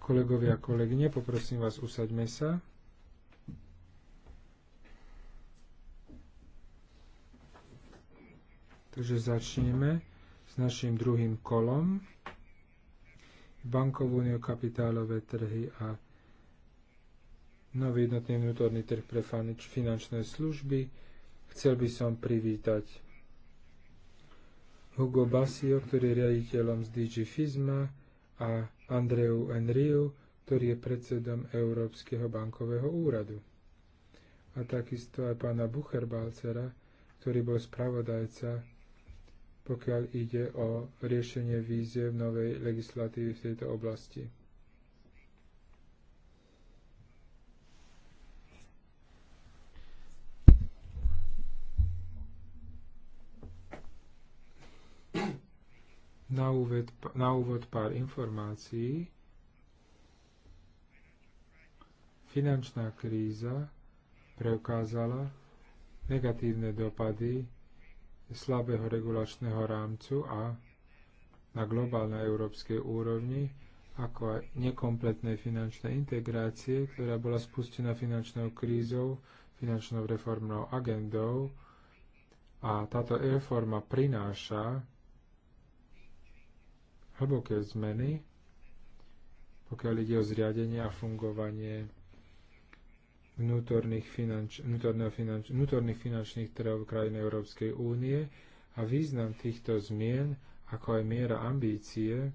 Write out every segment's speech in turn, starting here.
Kolegovia kolegyne, poprosím vás, usaďme sa. Takže začneme s našim druhým kolom. Bankovú uniu, kapitálové trhy a nový jednotný vnútorný trh pre finančné služby. Chcel by som privítať Hugo Basio, ktorý je riaditeľom z DG FISMA a Andreu Enriu, ktorý je predsedom Európskeho bankového úradu. A takisto aj pána Bucherbalcera, ktorý bol spravodajca, pokiaľ ide o riešenie vízie v novej legislatívy v tejto oblasti. na úvod, na úvod pár informácií. Finančná kríza preukázala negatívne dopady slabého regulačného rámcu a na globálnej európskej úrovni, ako aj nekompletnej finančnej integrácie, ktorá bola spustená finančnou krízou, finančnou reformnou agendou. A táto reforma prináša hlboké zmeny, pokiaľ ide o zriadenie a fungovanie vnútorných, finanč, finanč, vnútorných finančných trhov krajín Európskej únie a význam týchto zmien, ako aj miera ambície,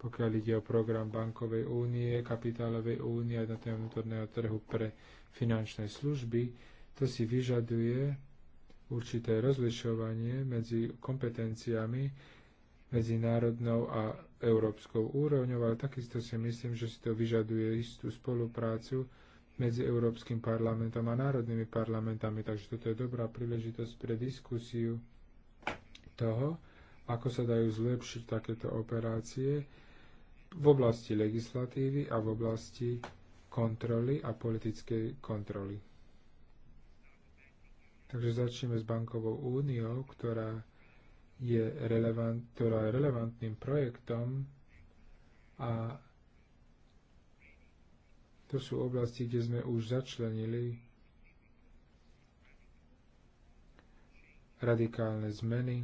pokiaľ ide o program bankovej únie, kapitálovej únie a jednotného vnútorného trhu pre finančné služby, to si vyžaduje určité rozlišovanie medzi kompetenciami medzi národnou a európskou úrovňou, ale takisto si myslím, že si to vyžaduje istú spoluprácu medzi Európskym parlamentom a národnými parlamentami. Takže toto je dobrá príležitosť pre diskusiu toho, ako sa dajú zlepšiť takéto operácie v oblasti legislatívy a v oblasti kontroly a politickej kontroly. Takže začneme s bankovou úniou, ktorá je, relevant, ktorá je relevantným projektom a to sú oblasti, kde sme už začlenili radikálne zmeny.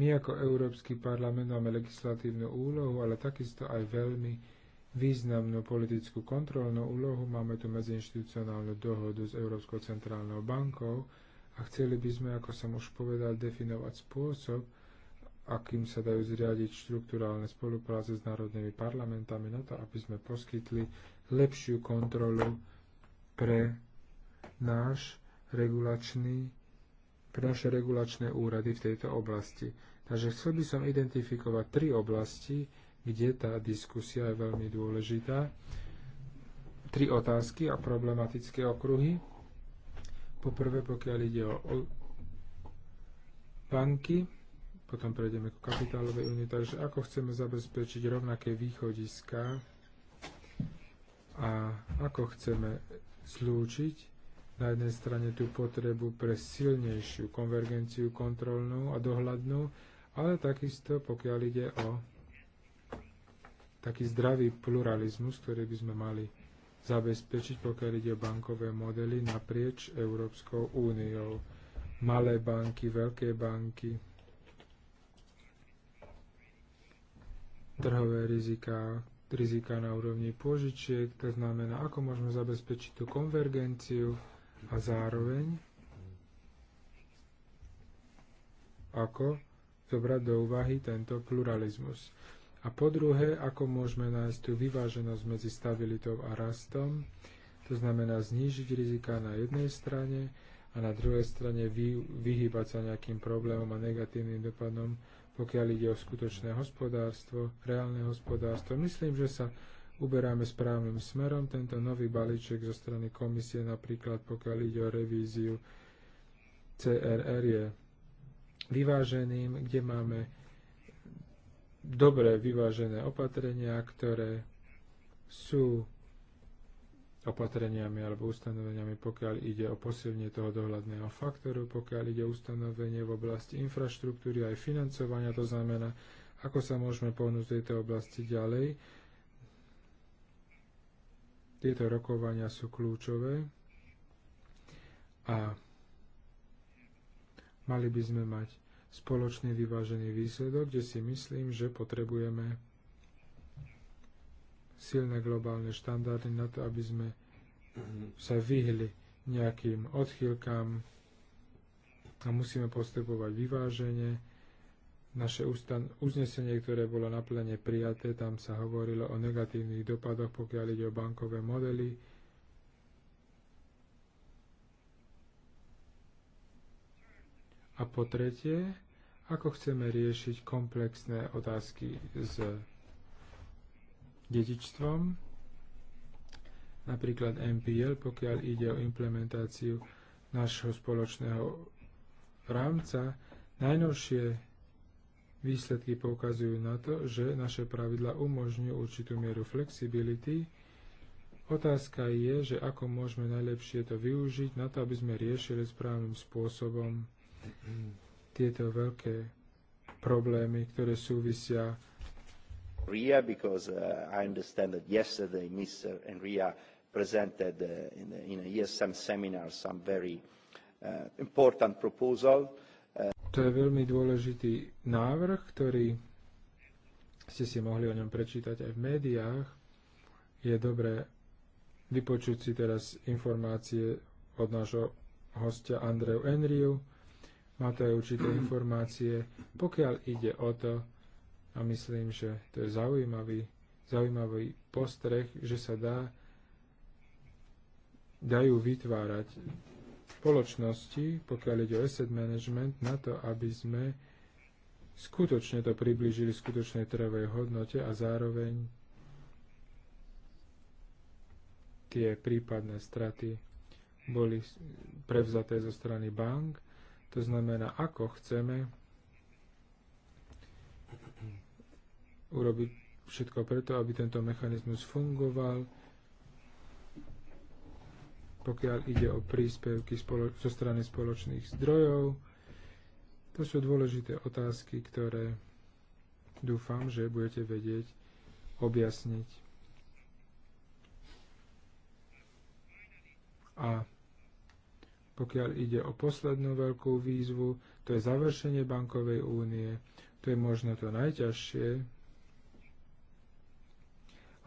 My ako Európsky parlament máme legislatívnu úlohu, ale takisto aj veľmi významnú politickú kontrolnú úlohu. Máme tu medziinstitucionálnu dohodu s Európskou centrálnou bankou a chceli by sme, ako som už povedal, definovať spôsob, akým sa dajú zriadiť štruktúrálne spolupráce s národnými parlamentami na to, aby sme poskytli lepšiu kontrolu pre náš regulačný pre naše regulačné úrady v tejto oblasti. Takže chcel by som identifikovať tri oblasti, kde tá diskusia je veľmi dôležitá. Tri otázky a problematické okruhy. Poprvé, pokiaľ ide o banky, potom prejdeme k kapitálovej únii, takže ako chceme zabezpečiť rovnaké východiska a ako chceme zlúčiť na jednej strane tú potrebu pre silnejšiu konvergenciu kontrolnú a dohľadnú, ale takisto pokiaľ ide o taký zdravý pluralizmus, ktorý by sme mali zabezpečiť, pokiaľ ide o bankové modely naprieč Európskou úniou. Malé banky, veľké banky, trhové rizika, rizika na úrovni požičiek, to znamená, ako môžeme zabezpečiť tú konvergenciu a zároveň ako zobrať do úvahy tento pluralizmus. A po druhé, ako môžeme nájsť tú vyváženosť medzi stabilitou a rastom, to znamená znížiť rizika na jednej strane a na druhej strane vy, vyhybať sa nejakým problémom a negatívnym dopadom, pokiaľ ide o skutočné hospodárstvo, reálne hospodárstvo. Myslím, že sa uberáme správnym smerom. Tento nový balíček zo strany komisie, napríklad pokiaľ ide o revíziu CRR, je vyváženým, kde máme dobre vyvážené opatrenia, ktoré sú opatreniami alebo ustanoveniami, pokiaľ ide o posilnenie toho dohľadného faktoru, pokiaľ ide o ustanovenie v oblasti infraštruktúry aj financovania, to znamená, ako sa môžeme pohnúť v tejto oblasti ďalej. Tieto rokovania sú kľúčové a mali by sme mať spoločný vyvážený výsledok, kde si myslím, že potrebujeme silné globálne štandardy na to, aby sme sa vyhli nejakým odchýlkam a musíme postupovať vyváženie. Naše uznesenie, ktoré bolo naplne prijaté, tam sa hovorilo o negatívnych dopadoch, pokiaľ ide o bankové modely A po tretie, ako chceme riešiť komplexné otázky s dedičstvom, napríklad MPL, pokiaľ ide o implementáciu nášho spoločného rámca, najnovšie výsledky poukazujú na to, že naše pravidla umožňujú určitú mieru flexibility. Otázka je, že ako môžeme najlepšie to využiť na to, aby sme riešili správnym spôsobom tieto veľké problémy, ktoré súvisia RIA because uh, I understand that yesterday Mr. Enria presented uh, in, a, in a ESM seminar some very uh, important proposal. Uh, to je veľmi dôležitý návrh, ktorý ste si mohli o ňom prečítať aj v médiách. Je dobré vypočuť si teraz informácie od nášho hostia Andreu Enriu má to aj určité informácie, pokiaľ ide o to, a myslím, že to je zaujímavý, zaujímavý postreh, že sa dá, dajú vytvárať spoločnosti, pokiaľ ide o asset management, na to, aby sme skutočne to priblížili skutočnej trvej hodnote a zároveň tie prípadné straty boli prevzaté zo strany bank to znamená, ako chceme urobiť všetko preto, aby tento mechanizmus fungoval, pokiaľ ide o príspevky spolo- zo strany spoločných zdrojov. To sú dôležité otázky, ktoré dúfam, že budete vedieť objasniť. A pokiaľ ide o poslednú veľkú výzvu, to je završenie bankovej únie. To je možno to najťažšie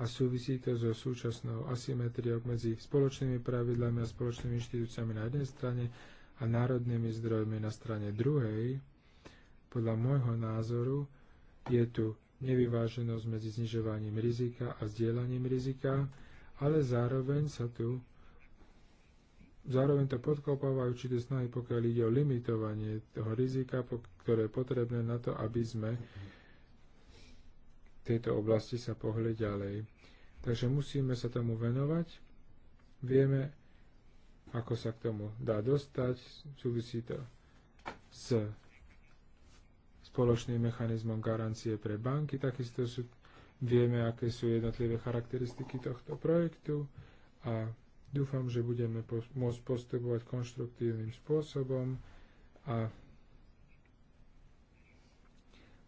a súvisí to so súčasnou asymetriou medzi spoločnými pravidlami a spoločnými inštitúciami na jednej strane a národnými zdrojmi na strane druhej. Podľa môjho názoru je tu nevyváženosť medzi znižovaním rizika a zdieľaním rizika, ale zároveň sa tu Zároveň to podkopáva určité snahy, pokiaľ ide o limitovanie toho rizika, ktoré je potrebné na to, aby sme v tejto oblasti sa pohli ďalej. Takže musíme sa tomu venovať. Vieme, ako sa k tomu dá dostať. Súvisí to s spoločným mechanizmom garancie pre banky. Takisto sú, vieme, aké sú jednotlivé charakteristiky tohto projektu a Dúfam, že budeme môcť postupovať konštruktívnym spôsobom a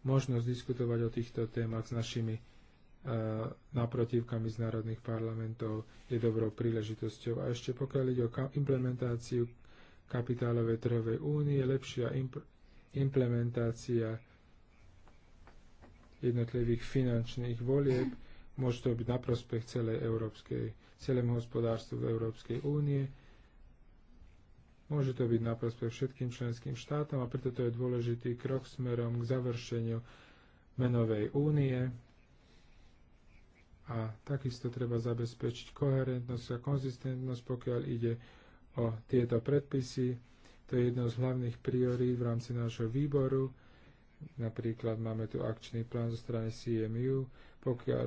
možnosť diskutovať o týchto témach s našimi uh, naprotivkami z národných parlamentov je dobrou príležitosťou. A ešte pokiaľ ide o ka implementáciu kapitálovej trhovej únie, lepšia imp- implementácia jednotlivých finančných volieb, môže to byť na prospech celej Európskej celému hospodárstvu v Európskej únie. Môže to byť na prospech všetkým členským štátom a preto to je dôležitý krok smerom k završeniu menovej únie. A takisto treba zabezpečiť koherentnosť a konzistentnosť, pokiaľ ide o tieto predpisy. To je jedno z hlavných priorít v rámci nášho výboru. Napríklad máme tu akčný plán zo strany CMU, pokiaľ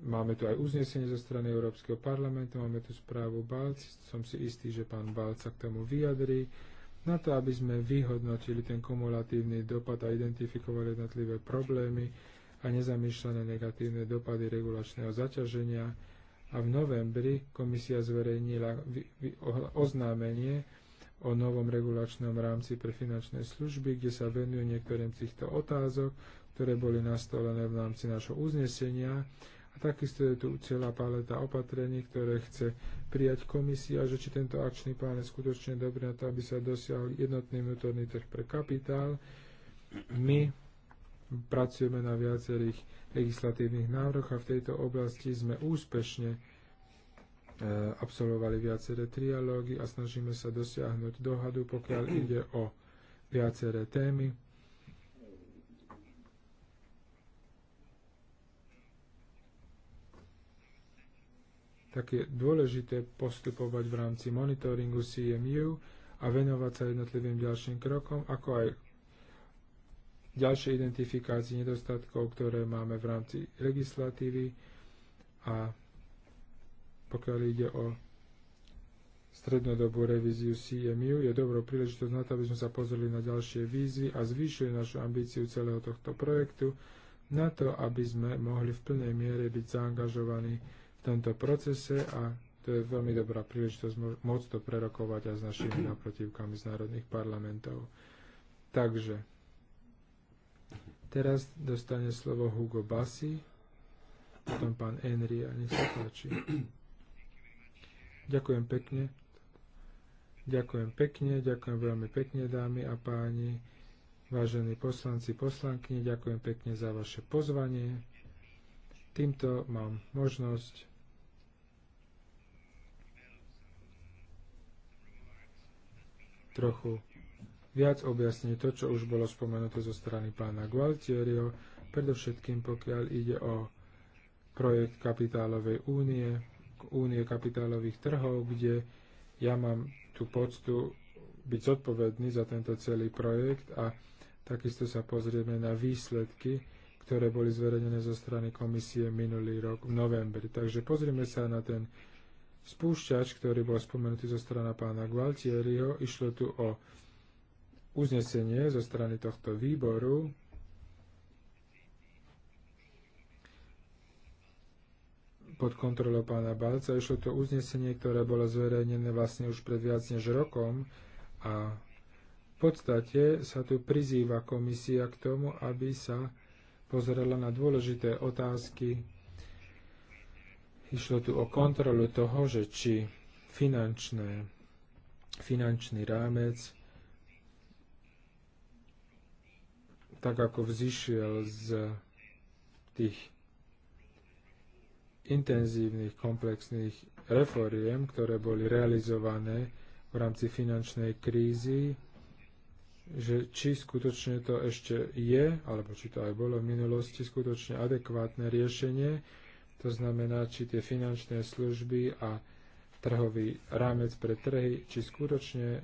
Máme tu aj uznesenie zo strany Európskeho parlamentu, máme tu správu Balc, som si istý, že pán Balc sa k tomu vyjadrí, na to, aby sme vyhodnotili ten kumulatívny dopad a identifikovali jednotlivé problémy a nezamýšľané negatívne dopady regulačného zaťaženia. A v novembri komisia zverejnila oznámenie o novom regulačnom rámci pre finančné služby, kde sa venujú niektorým z týchto otázok, ktoré boli nastolené v rámci našho uznesenia a takisto je tu celá paleta opatrení, ktoré chce prijať komisia, že či tento akčný plán je skutočne dobrý na to, aby sa dosiahol jednotný vnútorný trh pre kapitál. My pracujeme na viacerých legislatívnych návrhoch a v tejto oblasti sme úspešne e, absolvovali viaceré trialógy a snažíme sa dosiahnuť dohadu, pokiaľ ide o viaceré témy. tak je dôležité postupovať v rámci monitoringu CMU a venovať sa jednotlivým ďalším krokom, ako aj ďalšej identifikácii nedostatkov, ktoré máme v rámci legislatívy a pokiaľ ide o strednodobú revíziu CMU, je dobrou príležitosť na to, aby sme sa pozreli na ďalšie výzvy a zvýšili našu ambíciu celého tohto projektu na to, aby sme mohli v plnej miere byť zaangažovaní v tomto procese a to je veľmi dobrá príležitosť môcť to prerokovať aj s našimi naprotivkami z národných parlamentov. Takže, teraz dostane slovo Hugo Bassi, potom pán a nech sa páči. Ďakujem pekne. Ďakujem pekne, ďakujem veľmi pekne, dámy a páni, vážení poslanci, poslanky, ďakujem pekne za vaše pozvanie. Týmto mám možnosť trochu viac objasniť to, čo už bolo spomenuté zo strany pána Gualtierio, predovšetkým pokiaľ ide o projekt kapitálovej únie, únie kapitálových trhov, kde ja mám tú poctu byť zodpovedný za tento celý projekt a takisto sa pozrieme na výsledky, ktoré boli zverejnené zo strany komisie minulý rok v novembri. Takže pozrieme sa na ten spúšťač, ktorý bol spomenutý zo strana pána Gualtieriho, išlo tu o uznesenie zo strany tohto výboru, pod kontrolou pána Balca. Išlo to uznesenie, ktoré bolo zverejnené vlastne už pred viac než rokom a v podstate sa tu prizýva komisia k tomu, aby sa pozrela na dôležité otázky Išlo tu o kontrolu toho, že či finančné, finančný rámec, tak ako vzýšiel z tých intenzívnych komplexných reforiem, ktoré boli realizované v rámci finančnej krízy, že či skutočne to ešte je, alebo či to aj bolo v minulosti skutočne adekvátne riešenie, to znamená, či tie finančné služby a trhový rámec pre trhy, či skutočne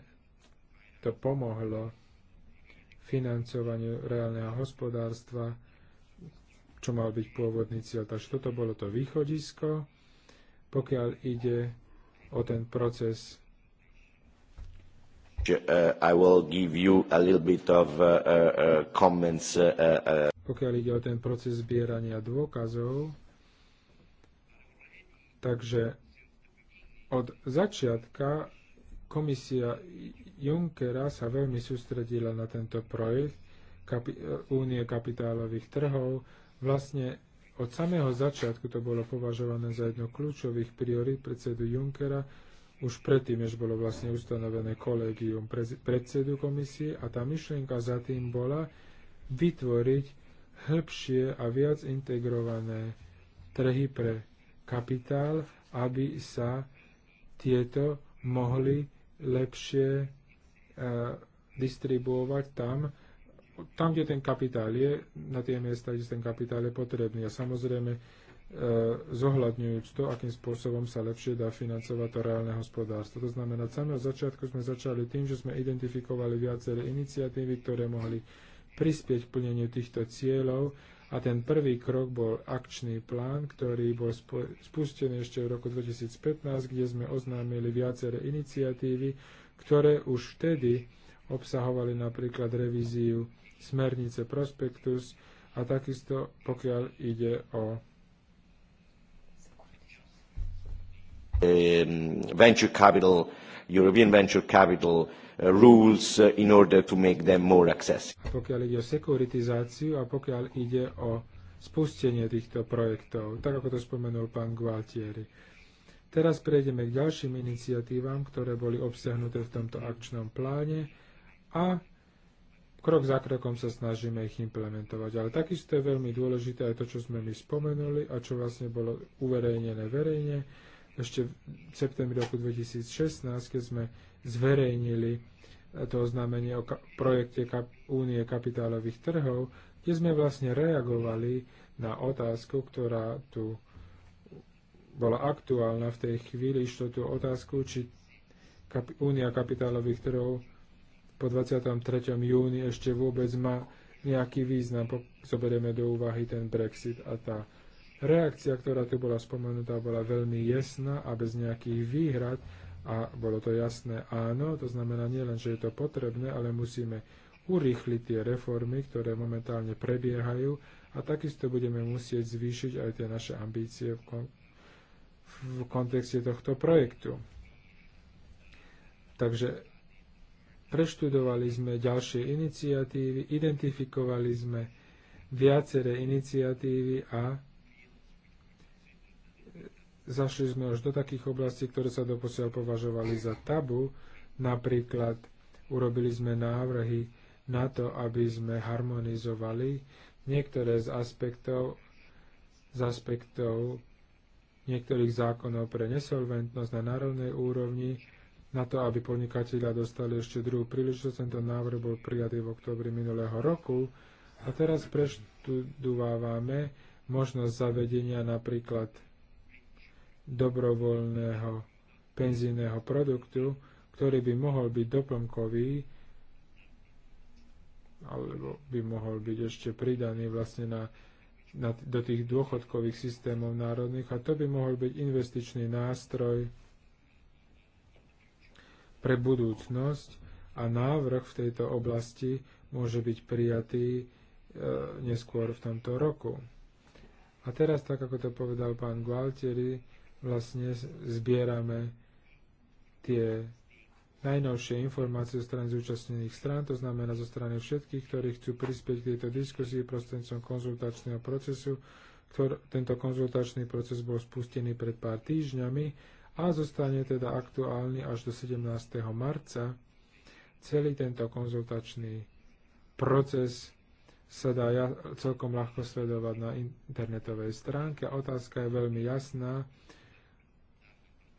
to pomohlo financovaniu reálneho hospodárstva, čo mal byť pôvodný cieľ. Takže toto bolo to východisko. Pokiaľ ide o ten proces pokiaľ ide o ten proces zbierania dôkazov, Takže od začiatka komisia Junckera sa veľmi sústredila na tento projekt kapi- únie kapitálových trhov. Vlastne od samého začiatku to bolo považované za jedno kľúčových priorít predsedu Junckera, už predtým, než bolo vlastne ustanovené kolégium predsedu komisie a tá myšlienka za tým bola vytvoriť hĺbšie a viac integrované trhy pre kapitál, aby sa tieto mohli lepšie e, distribuovať tam, tam, kde ten kapitál je, na tie miesta, kde ten kapitál je potrebný. A samozrejme, e, zohľadňujúc to, akým spôsobom sa lepšie dá financovať to reálne hospodárstvo. To znamená, od samého začiatku sme začali tým, že sme identifikovali viaceré iniciatívy, ktoré mohli prispieť k plneniu týchto cieľov a ten prvý krok bol akčný plán, ktorý bol spustený ešte v roku 2015, kde sme oznámili viaceré iniciatívy, ktoré už vtedy obsahovali napríklad revíziu smernice prospektus a takisto pokiaľ ide o ehm, venture capital European venture capital uh, rules uh, in order to make them more accessible. Pokiaľ ide o sekuritizáciu a pokiaľ ide o spustenie týchto projektov, tak ako to spomenul pán Gualtieri. Teraz prejdeme k ďalším iniciatívam, ktoré boli obsiahnuté v tomto akčnom pláne a krok za krokom sa snažíme ich implementovať. Ale takisto je veľmi dôležité aj to, čo sme my spomenuli a čo vlastne bolo uverejnené verejne, ešte v septembri roku 2016, keď sme zverejnili eh, to oznámenie o projekte Únie kapitálových trhov, kde sme vlastne reagovali na otázku, ktorá tu bola aktuálna v tej chvíli, išlo tú otázku, či Únia kapitálových trhov po 23. júni ešte vôbec má nejaký význam, zoberieme do úvahy ten Brexit a tá Reakcia, ktorá tu bola spomenutá, bola veľmi jasná a bez nejakých výhrad a bolo to jasné áno, to znamená nielen, že je to potrebné, ale musíme urýchliť tie reformy, ktoré momentálne prebiehajú a takisto budeme musieť zvýšiť aj tie naše ambície v, kon- v kontexte tohto projektu. Takže preštudovali sme ďalšie iniciatívy, identifikovali sme viaceré iniciatívy a Zašli sme už do takých oblastí, ktoré sa doposiaľ považovali za tabu. Napríklad urobili sme návrhy na to, aby sme harmonizovali niektoré z aspektov, z aspektov niektorých zákonov pre nesolventnosť na národnej úrovni, na to, aby podnikatelia dostali ešte druhú príležitosť. Tento návrh bol prijatý v oktobri minulého roku a teraz preštudovávame možnosť zavedenia napríklad dobrovoľného penzijného produktu, ktorý by mohol byť doplnkový alebo by mohol byť ešte pridaný vlastne na, na, do tých dôchodkových systémov národných a to by mohol byť investičný nástroj pre budúcnosť a návrh v tejto oblasti môže byť prijatý e, neskôr v tomto roku. A teraz, tak ako to povedal pán Gualtieri, vlastne zbierame tie najnovšie informácie zo strany zúčastnených strán, to znamená zo strany všetkých, ktorí chcú prispieť k tejto diskusii prostredníctvom konzultačného procesu. Ktor, tento konzultačný proces bol spustený pred pár týždňami a zostane teda aktuálny až do 17. marca. Celý tento konzultačný proces sa dá ja, celkom ľahko sledovať na internetovej stránke. Otázka je veľmi jasná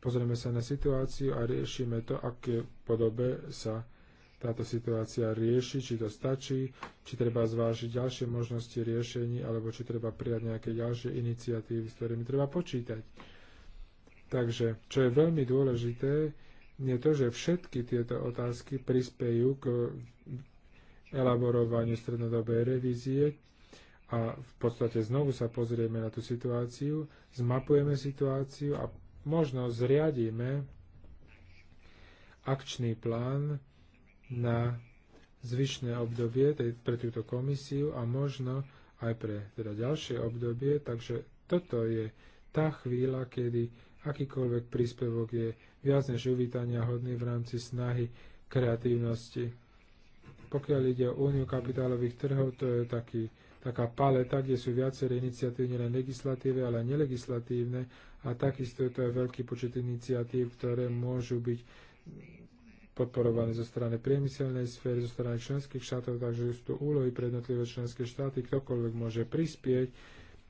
pozrieme sa na situáciu a riešime to, aké podobe sa táto situácia rieši, či to stačí, či treba zvážiť ďalšie možnosti riešení, alebo či treba prijať nejaké ďalšie iniciatívy, s ktorými treba počítať. Takže, čo je veľmi dôležité, je to, že všetky tieto otázky prispejú k elaborovaniu strednodobej revízie a v podstate znovu sa pozrieme na tú situáciu, zmapujeme situáciu a možno zriadíme akčný plán na zvyšné obdobie tej, pre túto komisiu a možno aj pre teda ďalšie obdobie. Takže toto je tá chvíľa, kedy akýkoľvek príspevok je viac než uvítania hodný v rámci snahy kreatívnosti. Pokiaľ ide o úniu kapitálových trhov, to je taký taká paleta, kde sú viaceré iniciatívy, nielen legislatívne, ale aj nelegislatívne a takisto je to aj veľký počet iniciatív, ktoré môžu byť podporované zo strany priemyselnej sféry, zo strany členských štátov, takže sú tu úlohy pre jednotlivé členské štáty, ktokoľvek môže prispieť.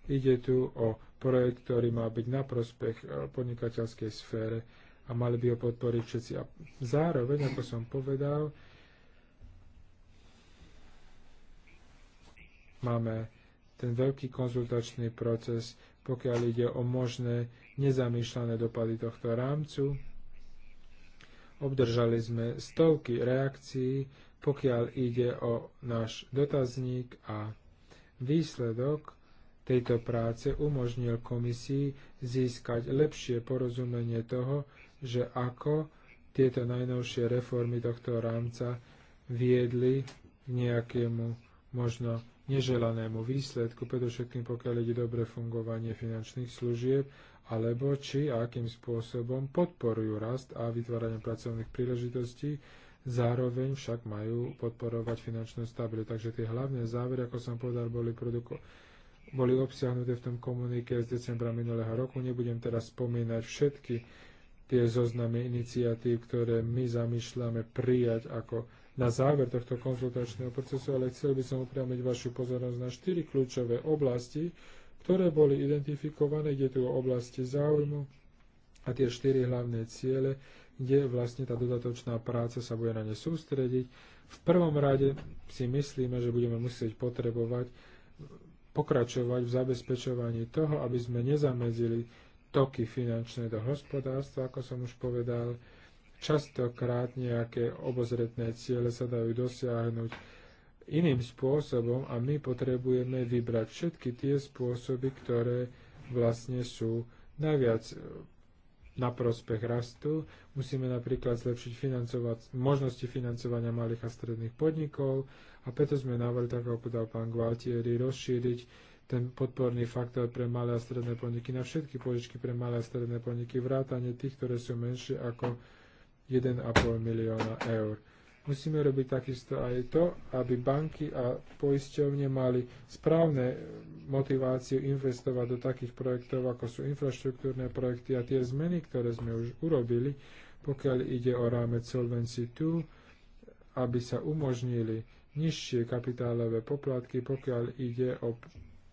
Ide tu o projekt, ktorý má byť na prospech eh, podnikateľskej sfére a mali by ho podporiť všetci. A zároveň, ako som povedal, Máme ten veľký konzultačný proces, pokiaľ ide o možné nezamýšľané dopady tohto rámcu. Obdržali sme stovky reakcií, pokiaľ ide o náš dotazník a výsledok tejto práce umožnil komisii získať lepšie porozumenie toho, že ako tieto najnovšie reformy tohto rámca viedli k nejakému možno neželanému výsledku, predovšetkým pokiaľ ide dobre fungovanie finančných služieb, alebo či a akým spôsobom podporujú rast a vytváranie pracovných príležitostí, zároveň však majú podporovať finančnú stabilitu. Takže tie hlavné závery, ako som povedal, boli, produko- boli obsiahnuté v tom komunike z decembra minulého roku. Nebudem teraz spomínať všetky tie zoznamy iniciatív, ktoré my zamýšľame prijať ako na záver tohto konzultačného procesu, ale chcel by som upriamiť vašu pozornosť na štyri kľúčové oblasti, ktoré boli identifikované, kde tu oblasti záujmu a tie štyri hlavné ciele, kde vlastne tá dodatočná práca sa bude na ne sústrediť. V prvom rade si myslíme, že budeme musieť potrebovať pokračovať v zabezpečovaní toho, aby sme nezamedzili toky finančné do hospodárstva, ako som už povedal, častokrát nejaké obozretné ciele sa dajú dosiahnuť iným spôsobom a my potrebujeme vybrať všetky tie spôsoby, ktoré vlastne sú najviac na prospech rastu. Musíme napríklad zlepšiť financovať, možnosti financovania malých a stredných podnikov a preto sme navrhli, tak ako povedal pán Gualtieri, rozšíriť ten podporný faktor pre malé a stredné podniky na všetky požičky pre malé a stredné podniky, vrátane tých, ktoré sú menšie ako 1,5 milióna eur. Musíme robiť takisto aj to, aby banky a poisťovne mali správne motiváciu investovať do takých projektov, ako sú infraštruktúrne projekty a tie zmeny, ktoré sme už urobili, pokiaľ ide o rámec Solvency 2, aby sa umožnili nižšie kapitálové poplatky, pokiaľ ide o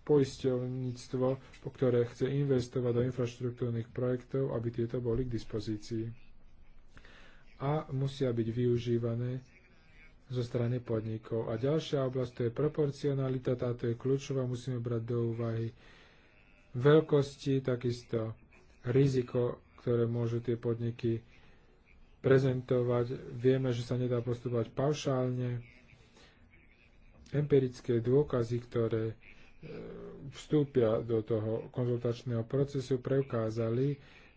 poisťovníctvo, po ktoré chce investovať do infraštruktúrnych projektov, aby tieto boli k dispozícii a musia byť využívané zo strany podnikov. A ďalšia oblasť to je proporcionalita, táto je kľúčová, musíme brať do úvahy veľkosti, takisto riziko, ktoré môžu tie podniky prezentovať. Vieme, že sa nedá postupovať paušálne. Empirické dôkazy, ktoré e, vstúpia do toho konzultačného procesu, preukázali,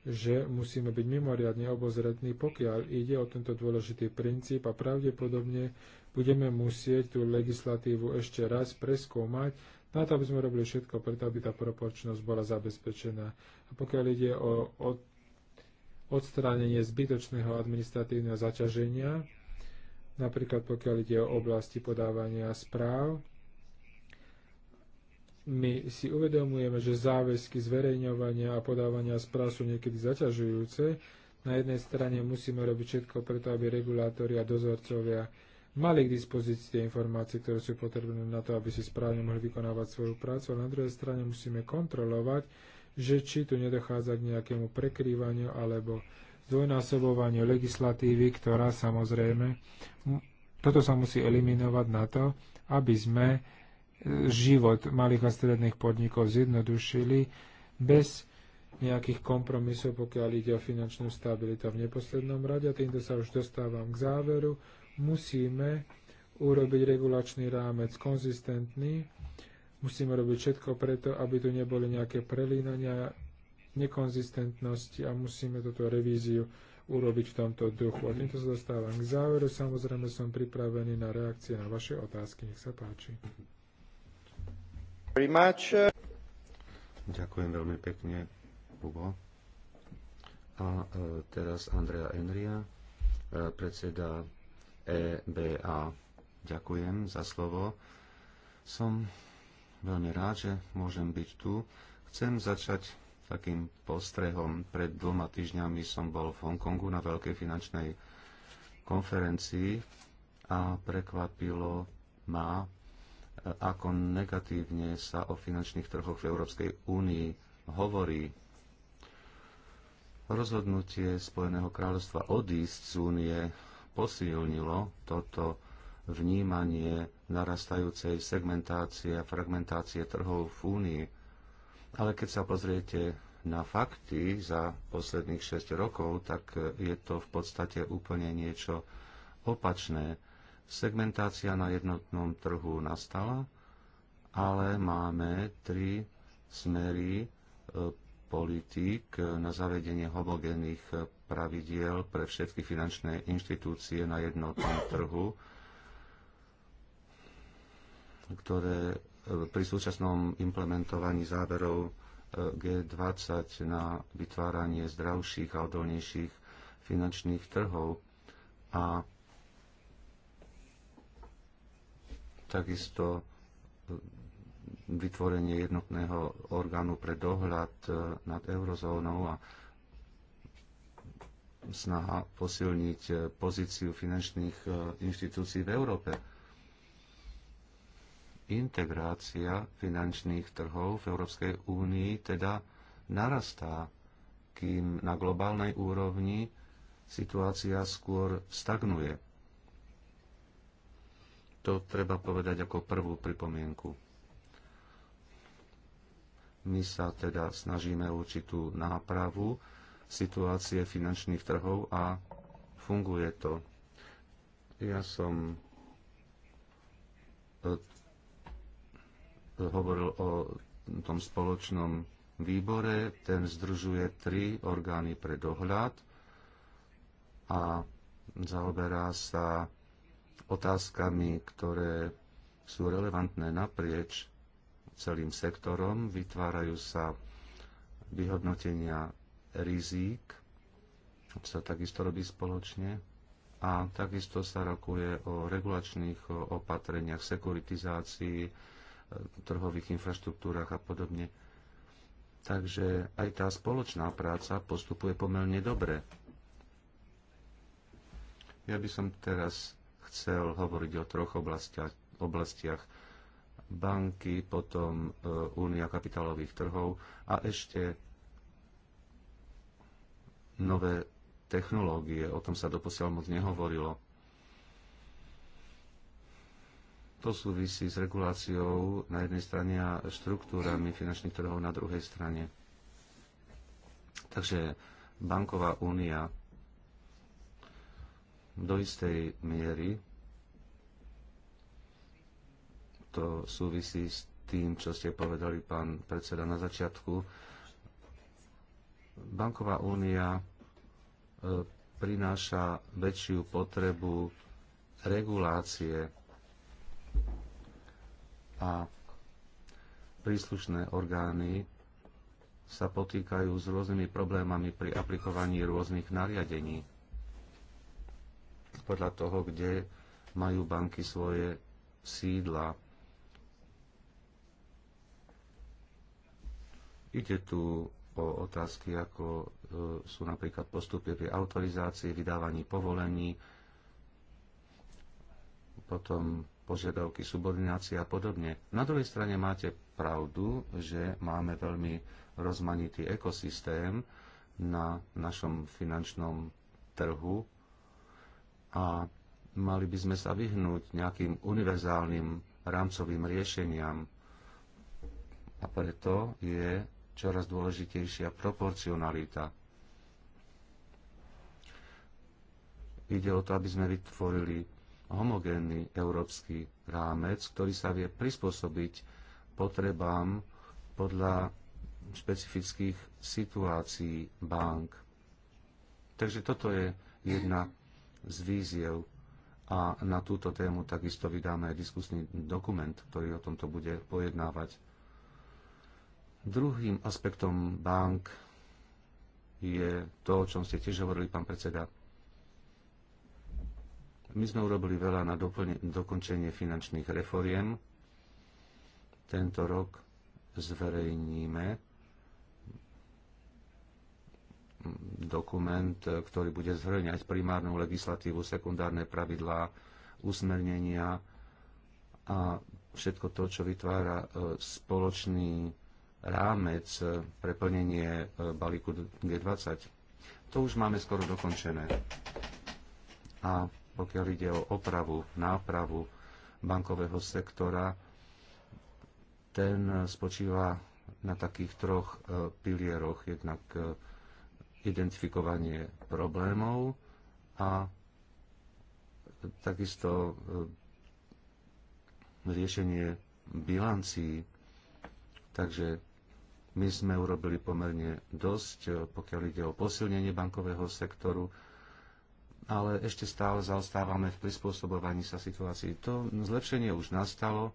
že musíme byť mimoriadne obozretní, pokiaľ ide o tento dôležitý princíp a pravdepodobne budeme musieť tú legislatívu ešte raz preskúmať, na to, aby sme robili všetko preto, aby tá proporčnosť bola zabezpečená. A pokiaľ ide o, odstránenie zbytočného administratívneho zaťaženia, napríklad pokiaľ ide o oblasti podávania správ, my si uvedomujeme, že záväzky zverejňovania a podávania správ sú niekedy zaťažujúce. Na jednej strane musíme robiť všetko preto, aby regulátori a dozorcovia mali k dispozícii tie informácie, ktoré sú potrebné na to, aby si správne mohli vykonávať svoju prácu. A na druhej strane musíme kontrolovať, že či tu nedochádza k nejakému prekrývaniu alebo dvojnásobovaniu legislatívy, ktorá samozrejme, toto sa musí eliminovať na to, aby sme život malých a stredných podnikov zjednodušili bez nejakých kompromisov, pokiaľ ide o finančnú stabilitu v neposlednom rade. A týmto sa už dostávam k záveru. Musíme urobiť regulačný rámec konzistentný. Musíme robiť všetko preto, aby tu neboli nejaké prelínania, nekonzistentnosti a musíme túto revíziu urobiť v tomto duchu. A týmto sa dostávam k záveru. Samozrejme som pripravený na reakcie na vaše otázky. Nech sa páči. Ďakujem veľmi pekne, Hugo. A e, teraz Andrea Enria, e, predseda EBA. Ďakujem za slovo. Som veľmi rád, že môžem byť tu. Chcem začať takým postrehom. Pred dvoma týždňami som bol v Hongkongu na veľkej finančnej konferencii a prekvapilo ma, ako negatívne sa o finančných trhoch v Európskej únii hovorí. Rozhodnutie Spojeného kráľovstva odísť z únie posilnilo toto vnímanie narastajúcej segmentácie a fragmentácie trhov v únii. Ale keď sa pozriete na fakty za posledných 6 rokov, tak je to v podstate úplne niečo opačné. Segmentácia na jednotnom trhu nastala, ale máme tri smery e, politík na zavedenie homogénnych pravidiel pre všetky finančné inštitúcie na jednotnom trhu, ktoré e, pri súčasnom implementovaní záverov e, G20 na vytváranie zdravších a odolnejších finančných trhov a takisto vytvorenie jednotného orgánu pre dohľad e, nad eurozónou a snaha posilniť e, pozíciu finančných e, inštitúcií v Európe. Integrácia finančných trhov v Európskej únii teda narastá, kým na globálnej úrovni situácia skôr stagnuje. To treba povedať ako prvú pripomienku. My sa teda snažíme určitú nápravu situácie finančných trhov a funguje to. Ja som e, hovoril o tom spoločnom výbore. Ten združuje tri orgány pre dohľad a zaoberá sa otázkami, ktoré sú relevantné naprieč celým sektorom, vytvárajú sa vyhodnotenia rizík, čo sa takisto robí spoločne a takisto sa rokuje o regulačných opatreniach, sekuritizácii, trhových infraštruktúrach a podobne. Takže aj tá spoločná práca postupuje pomerne dobre. Ja by som teraz chcel hovoriť o troch oblastiach. oblastiach banky, potom e, Únia kapitálových trhov a ešte nové technológie. O tom sa doposiaľ moc nehovorilo. To súvisí s reguláciou na jednej strane a štruktúrami finančných trhov na druhej strane. Takže banková únia do istej miery to súvisí s tým, čo ste povedali, pán predseda, na začiatku. Banková únia e, prináša väčšiu potrebu regulácie a príslušné orgány sa potýkajú s rôznymi problémami pri aplikovaní rôznych nariadení podľa toho, kde majú banky svoje sídla. Ide tu o otázky, ako e, sú napríklad postupy pri autorizácii, vydávaní povolení, potom požiadavky subordinácie a podobne. Na druhej strane máte pravdu, že máme veľmi rozmanitý ekosystém na našom finančnom trhu a mali by sme sa vyhnúť nejakým univerzálnym rámcovým riešeniam. A preto je čoraz dôležitejšia proporcionalita. Ide o to, aby sme vytvorili homogénny európsky rámec, ktorý sa vie prispôsobiť potrebám podľa špecifických situácií bank. Takže toto je jedna z víziev a na túto tému takisto vydáme aj diskusný dokument, ktorý o tomto bude pojednávať. Druhým aspektom bank je to, o čom ste tiež hovorili, pán predseda. My sme urobili veľa na dokončenie finančných reforiem. Tento rok zverejníme dokument, e, ktorý bude zhrňať primárnu legislatívu, sekundárne pravidlá, usmernenia a všetko to, čo vytvára e, spoločný rámec e, pre plnenie balíku G20. To už máme skoro dokončené. A pokiaľ ide o opravu, nápravu bankového sektora, ten spočíva na takých troch pilieroch. Jednak identifikovanie problémov a takisto e, riešenie bilancií. Takže my sme urobili pomerne dosť, e, pokiaľ ide o posilnenie bankového sektoru, ale ešte stále zaostávame v prispôsobovaní sa situácii. To zlepšenie už nastalo,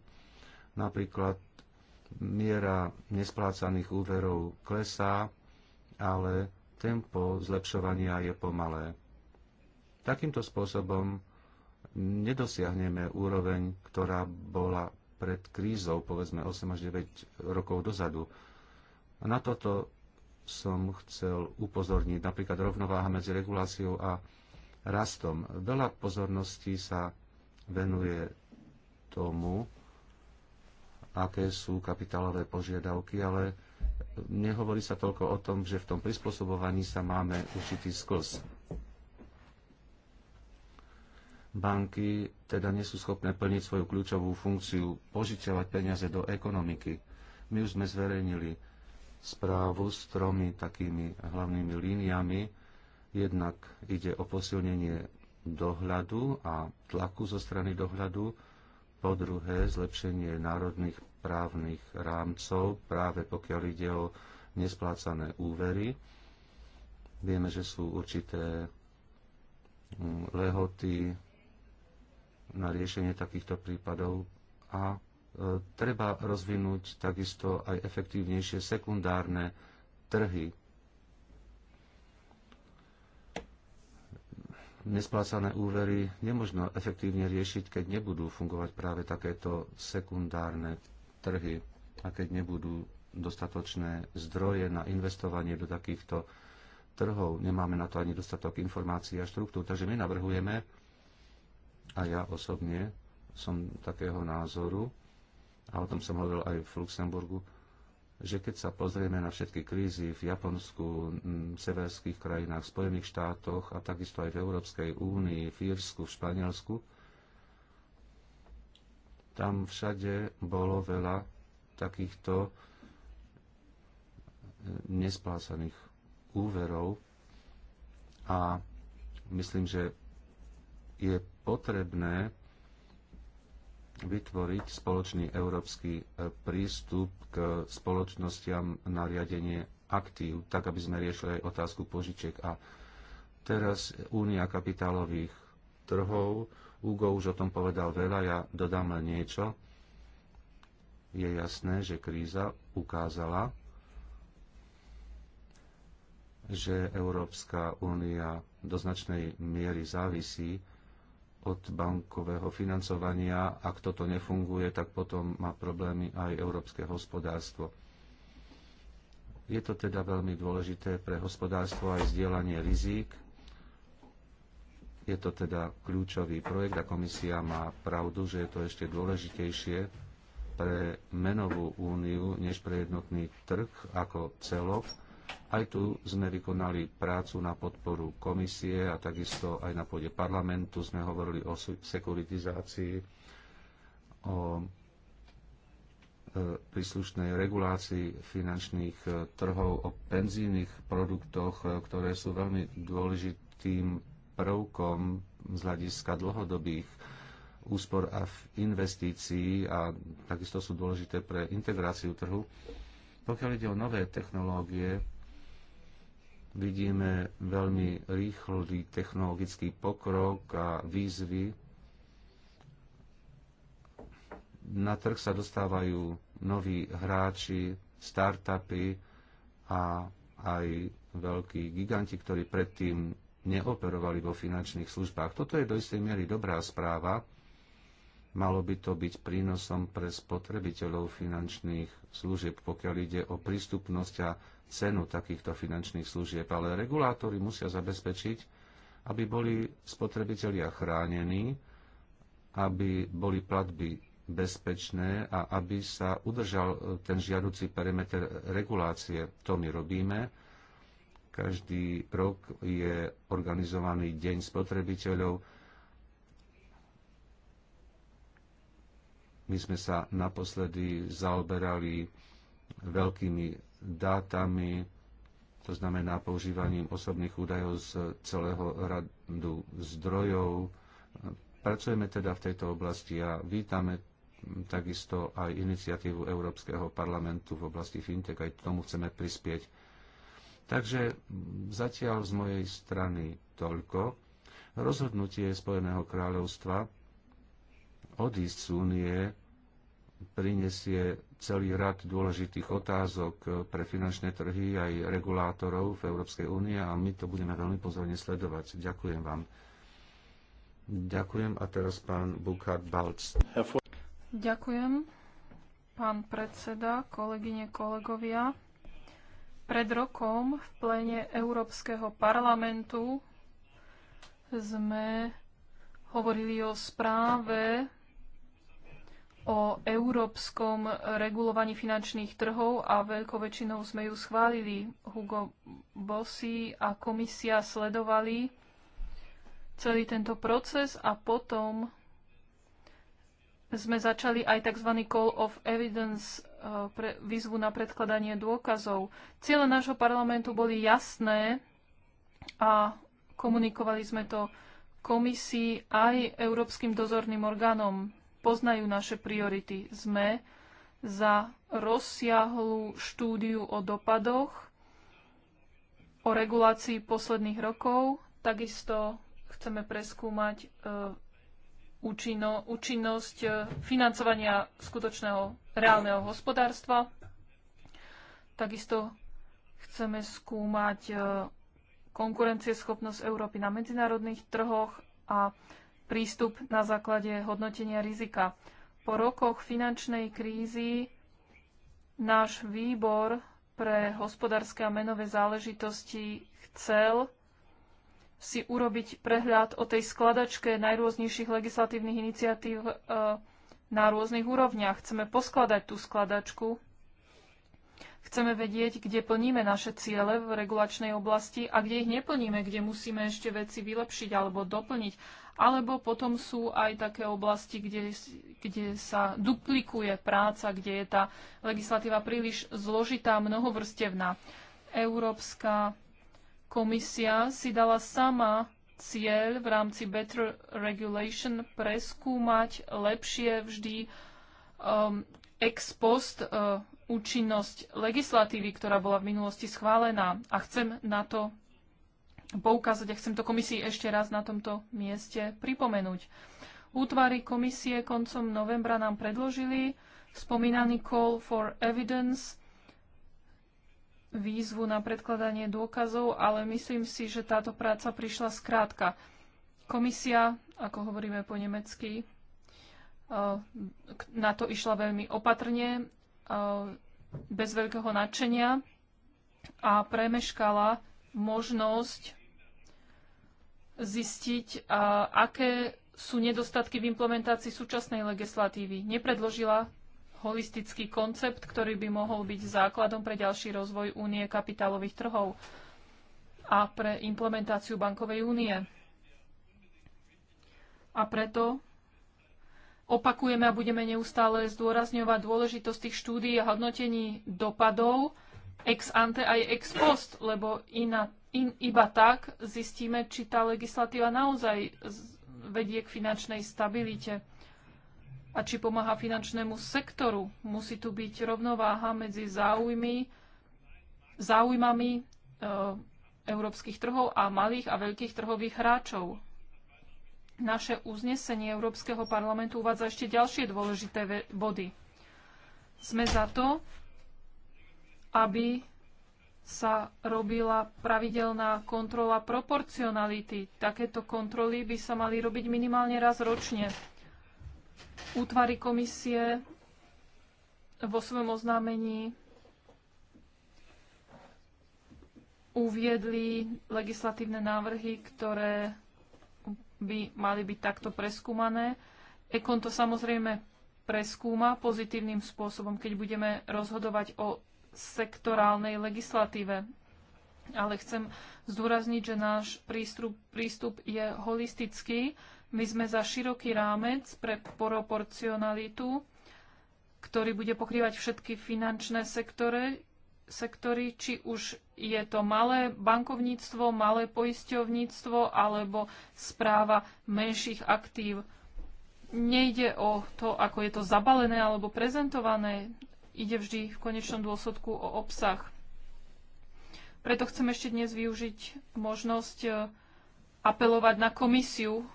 napríklad miera nesplácaných úverov klesá, ale tempo zlepšovania je pomalé. Takýmto spôsobom nedosiahneme úroveň, ktorá bola pred krízou, povedzme 8 až 9 rokov dozadu. A na toto som chcel upozorniť, napríklad rovnováha medzi reguláciou a rastom. Veľa pozorností sa venuje tomu, aké sú kapitálové požiadavky, ale nehovorí sa toľko o tom, že v tom prispôsobovaní sa máme určitý sklz. Banky teda nie sú schopné plniť svoju kľúčovú funkciu požičiavať peniaze do ekonomiky. My už sme zverejnili správu s tromi takými hlavnými líniami. Jednak ide o posilnenie dohľadu a tlaku zo strany dohľadu, po druhé zlepšenie národných právnych rámcov, práve pokiaľ ide o nesplácané úvery. Vieme, že sú určité mm, lehoty na riešenie takýchto prípadov a e, treba rozvinúť takisto aj efektívnejšie sekundárne trhy. Nesplácané úvery nemožno efektívne riešiť, keď nebudú fungovať práve takéto sekundárne trhy a keď nebudú dostatočné zdroje na investovanie do takýchto trhov, nemáme na to ani dostatok informácií a štruktúr. Takže my navrhujeme, a ja osobne som takého názoru, a o tom som hovoril aj v Luxemburgu, že keď sa pozrieme na všetky krízy v Japonsku, v severských krajinách, v Spojených štátoch a takisto aj v Európskej únii, v Írsku, v Španielsku, tam všade bolo veľa takýchto e, nesplásaných úverov a myslím, že je potrebné vytvoriť spoločný európsky e, prístup k spoločnostiam na riadenie aktív, tak aby sme riešili aj otázku požičiek. A teraz Únia kapitálových trhov Hugo už o tom povedal veľa, ja dodám len niečo. Je jasné, že kríza ukázala, že Európska únia do značnej miery závisí od bankového financovania. Ak toto nefunguje, tak potom má problémy aj európske hospodárstvo. Je to teda veľmi dôležité pre hospodárstvo aj zdieľanie rizík je to teda kľúčový projekt a komisia má pravdu, že je to ešte dôležitejšie pre menovú úniu než pre jednotný trh ako celok. Aj tu sme vykonali prácu na podporu komisie a takisto aj na pôde parlamentu sme hovorili o sekuritizácii, o e, príslušnej regulácii finančných e, trhov, o penzijných produktoch, e, ktoré sú veľmi dôležitým prvkom z hľadiska dlhodobých úspor a investícií a takisto sú dôležité pre integráciu trhu. Pokiaľ ide o nové technológie, vidíme veľmi rýchly technologický pokrok a výzvy. Na trh sa dostávajú noví hráči, startupy a aj veľkí giganti, ktorí predtým neoperovali vo finančných službách. Toto je do istej miery dobrá správa. Malo by to byť prínosom pre spotrebiteľov finančných služieb, pokiaľ ide o prístupnosť a cenu takýchto finančných služieb, ale regulátori musia zabezpečiť, aby boli spotrebitelia chránení, aby boli platby bezpečné a aby sa udržal ten žiaduci perimeter regulácie. To my robíme každý rok je organizovaný Deň spotrebiteľov. My sme sa naposledy zaoberali veľkými dátami, to znamená používaním osobných údajov z celého radu zdrojov. Pracujeme teda v tejto oblasti a vítame takisto aj iniciatívu Európskeho parlamentu v oblasti fintech, aj tomu chceme prispieť. Takže zatiaľ z mojej strany toľko. Rozhodnutie Spojeného kráľovstva odísť z únie prinesie celý rad dôležitých otázok pre finančné trhy aj regulátorov v Európskej únie a my to budeme veľmi pozorne sledovať. Ďakujem vám. Ďakujem a teraz pán Bukhard Balc. Ďakujem, pán predseda, kolegyne, kolegovia. Pred rokom v plene Európskeho parlamentu sme hovorili o správe o európskom regulovaní finančných trhov a veľkou väčšinou sme ju schválili. Hugo Bossi a komisia sledovali celý tento proces a potom sme začali aj tzv. call of evidence, e, pre výzvu na predkladanie dôkazov. Ciele nášho parlamentu boli jasné a komunikovali sme to komisii aj európskym dozorným orgánom. Poznajú naše priority. Sme za rozsiahlú štúdiu o dopadoch, o regulácii posledných rokov. Takisto chceme preskúmať e, účinno, účinnosť e, financovania skutočného reálneho hospodárstva. Takisto chceme skúmať e, konkurencieschopnosť Európy na medzinárodných trhoch a prístup na základe hodnotenia rizika. Po rokoch finančnej krízy náš výbor pre hospodárske a menové záležitosti chcel si urobiť prehľad o tej skladačke najrôznejších legislatívnych iniciatív e, na rôznych úrovniach. Chceme poskladať tú skladačku. Chceme vedieť, kde plníme naše ciele v regulačnej oblasti a kde ich neplníme, kde musíme ešte veci vylepšiť alebo doplniť. Alebo potom sú aj také oblasti, kde, kde sa duplikuje práca, kde je tá legislatíva príliš zložitá, mnohovrstevná. Európska Komisia si dala sama cieľ v rámci Better Regulation preskúmať lepšie vždy um, ex post uh, účinnosť legislatívy, ktorá bola v minulosti schválená. A chcem na to poukázať a chcem to komisii ešte raz na tomto mieste pripomenúť. Útvary komisie koncom novembra nám predložili spomínaný Call for Evidence výzvu na predkladanie dôkazov, ale myslím si, že táto práca prišla skrátka. Komisia, ako hovoríme po nemecky, eh, na to išla veľmi opatrne, eh, bez veľkého nadšenia a premeškala možnosť zistiť, eh, aké sú nedostatky v implementácii súčasnej legislatívy. Nepredložila holistický koncept, ktorý by mohol byť základom pre ďalší rozvoj únie kapitálových trhov a pre implementáciu bankovej únie. A preto opakujeme a budeme neustále zdôrazňovať dôležitosť tých štúdií a hodnotení dopadov ex ante aj ex post, lebo iná, in, iba tak zistíme, či tá legislatíva naozaj vedie k finančnej stabilite a či pomáha finančnému sektoru. Musí tu byť rovnováha medzi záujmy, záujmami e, európskych trhov a malých a veľkých trhových hráčov. Naše uznesenie Európskeho parlamentu uvádza ešte ďalšie dôležité body. Sme za to, aby sa robila pravidelná kontrola proporcionality. Takéto kontroly by sa mali robiť minimálne raz ročne útvary komisie vo svojom oznámení uviedli legislatívne návrhy, ktoré by mali byť takto preskúmané. Ekon to samozrejme preskúma pozitívnym spôsobom, keď budeme rozhodovať o sektorálnej legislatíve. Ale chcem zdôrazniť, že náš prístup, prístup je holistický my sme za široký rámec pre proporcionalitu, ktorý bude pokrývať všetky finančné sektory, sektory, či už je to malé bankovníctvo, malé poisťovníctvo alebo správa menších aktív. Nejde o to, ako je to zabalené alebo prezentované, ide vždy v konečnom dôsledku o obsah. Preto chcem ešte dnes využiť možnosť eh, apelovať na komisiu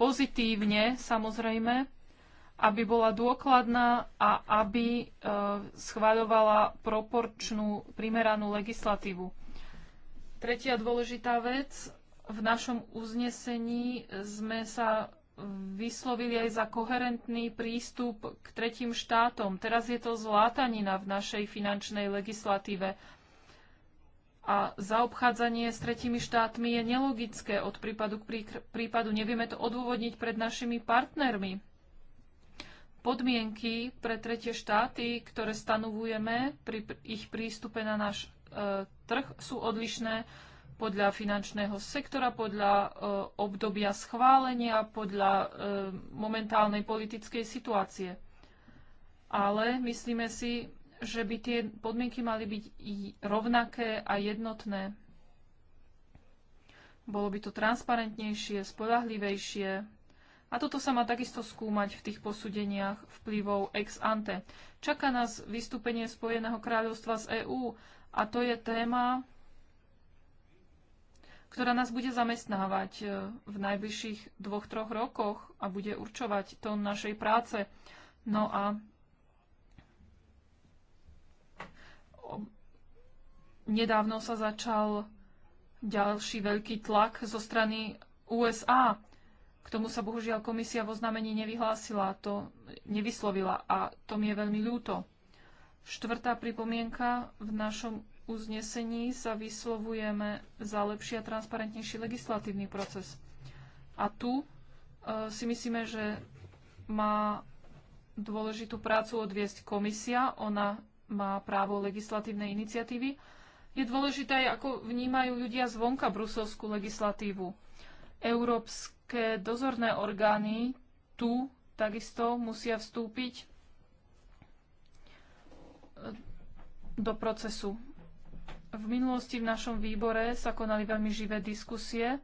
pozitívne samozrejme, aby bola dôkladná a aby e, schváľovala proporčnú, primeranú legislatívu. Tretia dôležitá vec, v našom uznesení sme sa vyslovili aj za koherentný prístup k tretím štátom. Teraz je to zlátanina v našej finančnej legislatíve a zaobchádzanie s tretimi štátmi je nelogické od prípadu k prípadu. Nevieme to odôvodniť pred našimi partnermi. Podmienky pre tretie štáty, ktoré stanovujeme pri ich prístupe na náš e, trh, sú odlišné podľa finančného sektora, podľa e, obdobia schválenia, podľa e, momentálnej politickej situácie. Ale myslíme si, že by tie podmienky mali byť rovnaké a jednotné. Bolo by to transparentnejšie, spolahlivejšie. A toto sa má takisto skúmať v tých posúdeniach vplyvov ex ante. Čaká nás vystúpenie Spojeného kráľovstva z EÚ a to je téma, ktorá nás bude zamestnávať e, v najbližších dvoch, troch rokoch a bude určovať tón našej práce. No a nedávno sa začal ďalší veľký tlak zo strany USA. K tomu sa bohužiaľ komisia vo znamení nevyhlásila, to nevyslovila a to mi je veľmi ľúto. Štvrtá pripomienka v našom uznesení sa vyslovujeme za lepší a transparentnejší legislatívny proces. A tu e, si myslíme, že má dôležitú prácu odviesť komisia. Ona má právo legislatívnej iniciatívy, je dôležité aj, ako vnímajú ľudia zvonka bruselskú legislatívu. Európske dozorné orgány tu takisto musia vstúpiť e, do procesu. V minulosti v našom výbore sa konali veľmi živé diskusie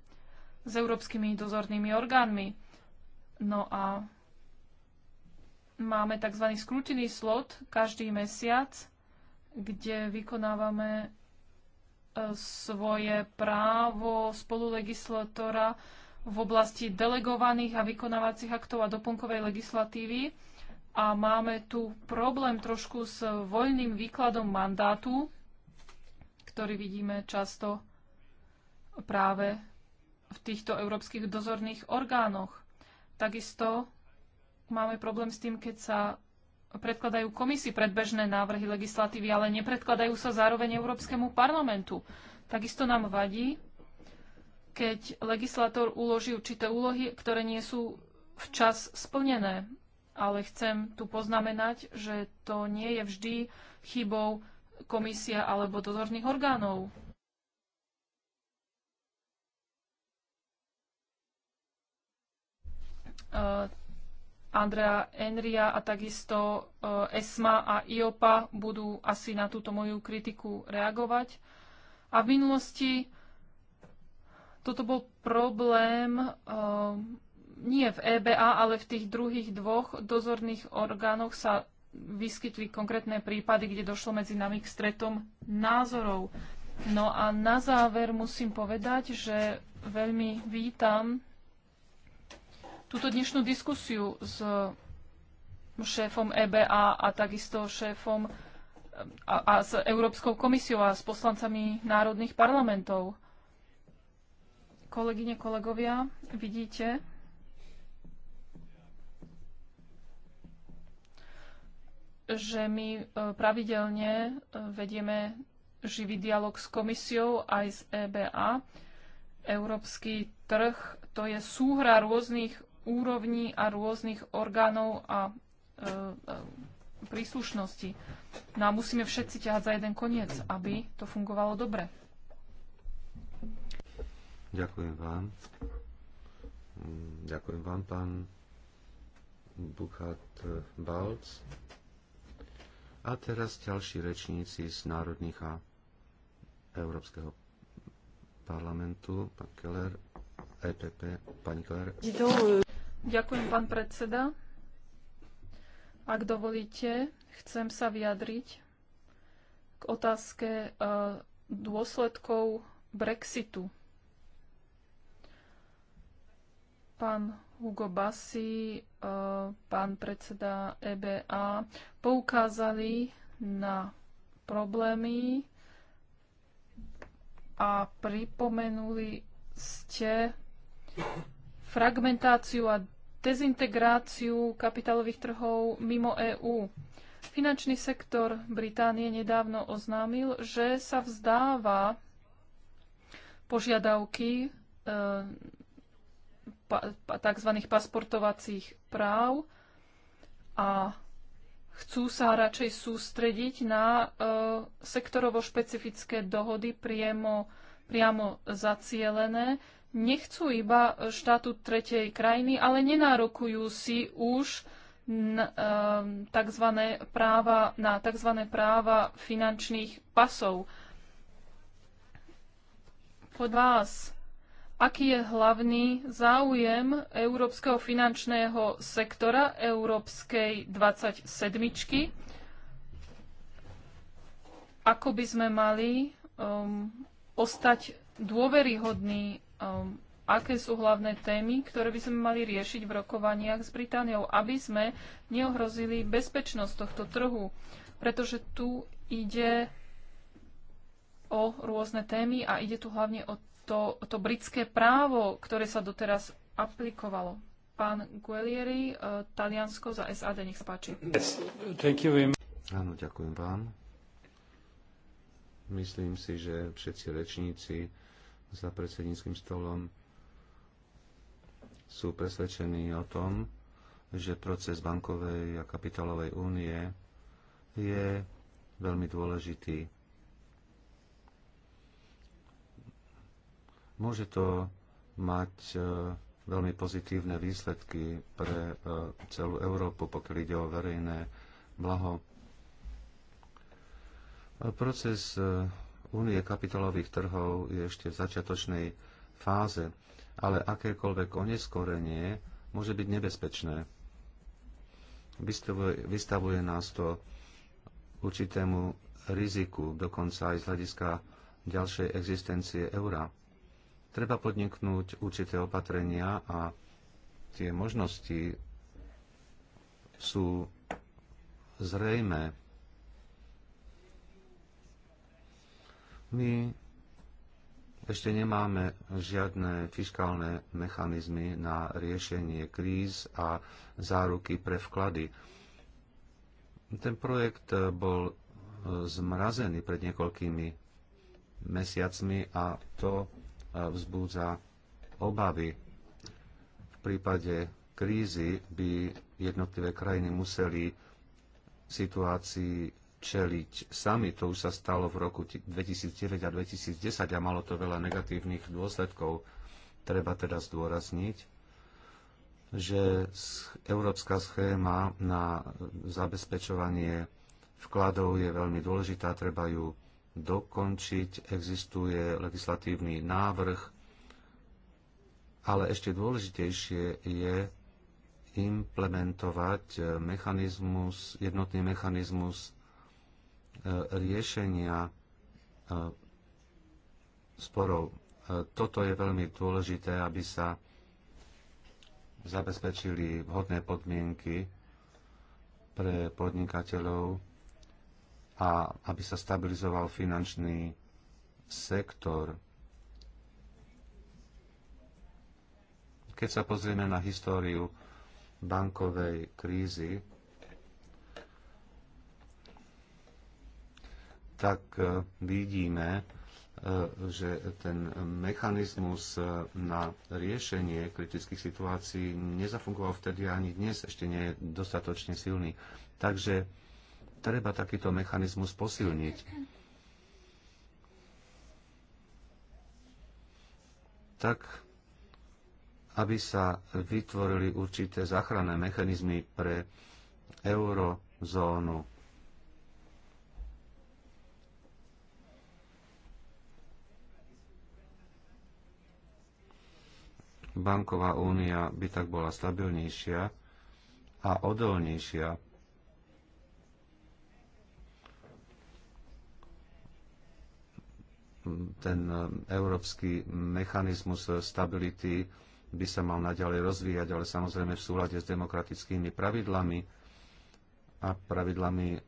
s európskymi dozornými orgánmi. No a máme tzv. skrutiný slot každý mesiac, kde vykonávame e, svoje právo spolulegislatora v oblasti delegovaných a vykonávacích aktov a doplnkovej legislatívy. A máme tu problém trošku s voľným výkladom mandátu, ktorý vidíme často práve v týchto európskych dozorných orgánoch. Takisto máme problém s tým, keď sa predkladajú komisii predbežné návrhy legislatívy, ale nepredkladajú sa zároveň Európskemu parlamentu. Takisto nám vadí, keď legislátor uloží určité úlohy, ktoré nie sú včas splnené. Ale chcem tu poznamenať, že to nie je vždy chybou komisia alebo dozorných orgánov. Andrea Enria a takisto eh, ESMA a IOPA budú asi na túto moju kritiku reagovať. A v minulosti toto bol problém eh, nie v EBA, ale v tých druhých dvoch dozorných orgánoch sa vyskytli konkrétne prípady, kde došlo medzi nami k stretom názorov. No a na záver musím povedať, že veľmi vítam túto dnešnú diskusiu s šéfom EBA a takisto šéfom a, a s Európskou komisiou a s poslancami národných parlamentov. Kolegyne, kolegovia, vidíte, že my e, pravidelne e, vedieme živý dialog s komisiou aj s EBA. Európsky trh to je súhra rôznych úrovní a rôznych orgánov a e, e, príslušnosti. No a musíme všetci ťahať za jeden koniec, aby to fungovalo dobre. Ďakujem vám. Ďakujem vám, pán Buchat Balc. A teraz ďalší rečníci z Národných a Európskeho parlamentu, pán Keller, EPP, pani Keller. Ďakujem, pán predseda. Ak dovolíte, chcem sa vyjadriť k otázke e, dôsledkov Brexitu. Pán Hugo Bassi, e, pán predseda EBA poukázali na problémy a pripomenuli ste fragmentáciu a dezintegráciu kapitálových trhov mimo EÚ. Finančný sektor Británie nedávno oznámil, že sa vzdáva požiadavky e, tzv. pasportovacích práv a chcú sa radšej sústrediť na e, sektorovo špecifické dohody priamo, priamo zacielené, nechcú iba štátu tretej krajiny, ale nenárokujú si už ehm, tzv. práva, na tzv. práva finančných pasov. Pod vás, aký je hlavný záujem európskeho finančného sektora Európskej 27? Ako by sme mali um, ostať dôveryhodný? um, aké sú hlavné témy, ktoré by sme mali riešiť v rokovaniach s Britániou, aby sme neohrozili bezpečnosť tohto trhu, pretože tu ide o rôzne témy a ide tu hlavne o to, o to britské právo, ktoré sa doteraz aplikovalo. Pán Guelieri, uh, e, Taliansko za SAD, nech sa páči. Yes. Áno, ďakujem vám. Myslím si, že všetci rečníci za predsedníckým stolom sú presvedčení o tom, že proces bankovej a kapitálovej únie je veľmi dôležitý. Môže to mať e, veľmi pozitívne výsledky pre e, celú Európu, pokiaľ ide o verejné blaho. Proces e, únie kapitálových trhov je ešte v začiatočnej fáze, ale akékoľvek oneskorenie môže byť nebezpečné. Vystavuje, vystavuje nás to určitému riziku, dokonca aj z hľadiska ďalšej existencie eura. Treba podniknúť určité opatrenia a tie možnosti sú zrejme. My ešte nemáme žiadne fiskálne mechanizmy na riešenie kríz a záruky pre vklady. Ten projekt bol e, zmrazený pred niekoľkými mesiacmi a to e, vzbúdza obavy. V prípade krízy by jednotlivé krajiny museli situácii čeliť sami. To už sa stalo v roku 2009 a 2010 a malo to veľa negatívnych dôsledkov. Treba teda zdôrazniť, že európska schéma na zabezpečovanie vkladov je veľmi dôležitá, treba ju dokončiť. Existuje legislatívny návrh, ale ešte dôležitejšie je implementovať eh, mechanizmus, jednotný mechanizmus riešenia e, sporov. E, toto je veľmi dôležité, aby sa zabezpečili vhodné podmienky pre podnikateľov a aby sa stabilizoval finančný sektor. Keď sa pozrieme na históriu bankovej krízy, tak e, vidíme, e, že ten mechanizmus e, na riešenie kritických situácií nezafungoval vtedy ani dnes ešte nie je dostatočne silný. Takže treba takýto mechanizmus posilniť. Tak, aby sa vytvorili určité záchranné mechanizmy pre eurozónu banková únia by tak bola stabilnejšia a odolnejšia. Ten e, európsky mechanizmus stability by sa mal naďalej rozvíjať, ale samozrejme v súlade s demokratickými pravidlami a pravidlami e,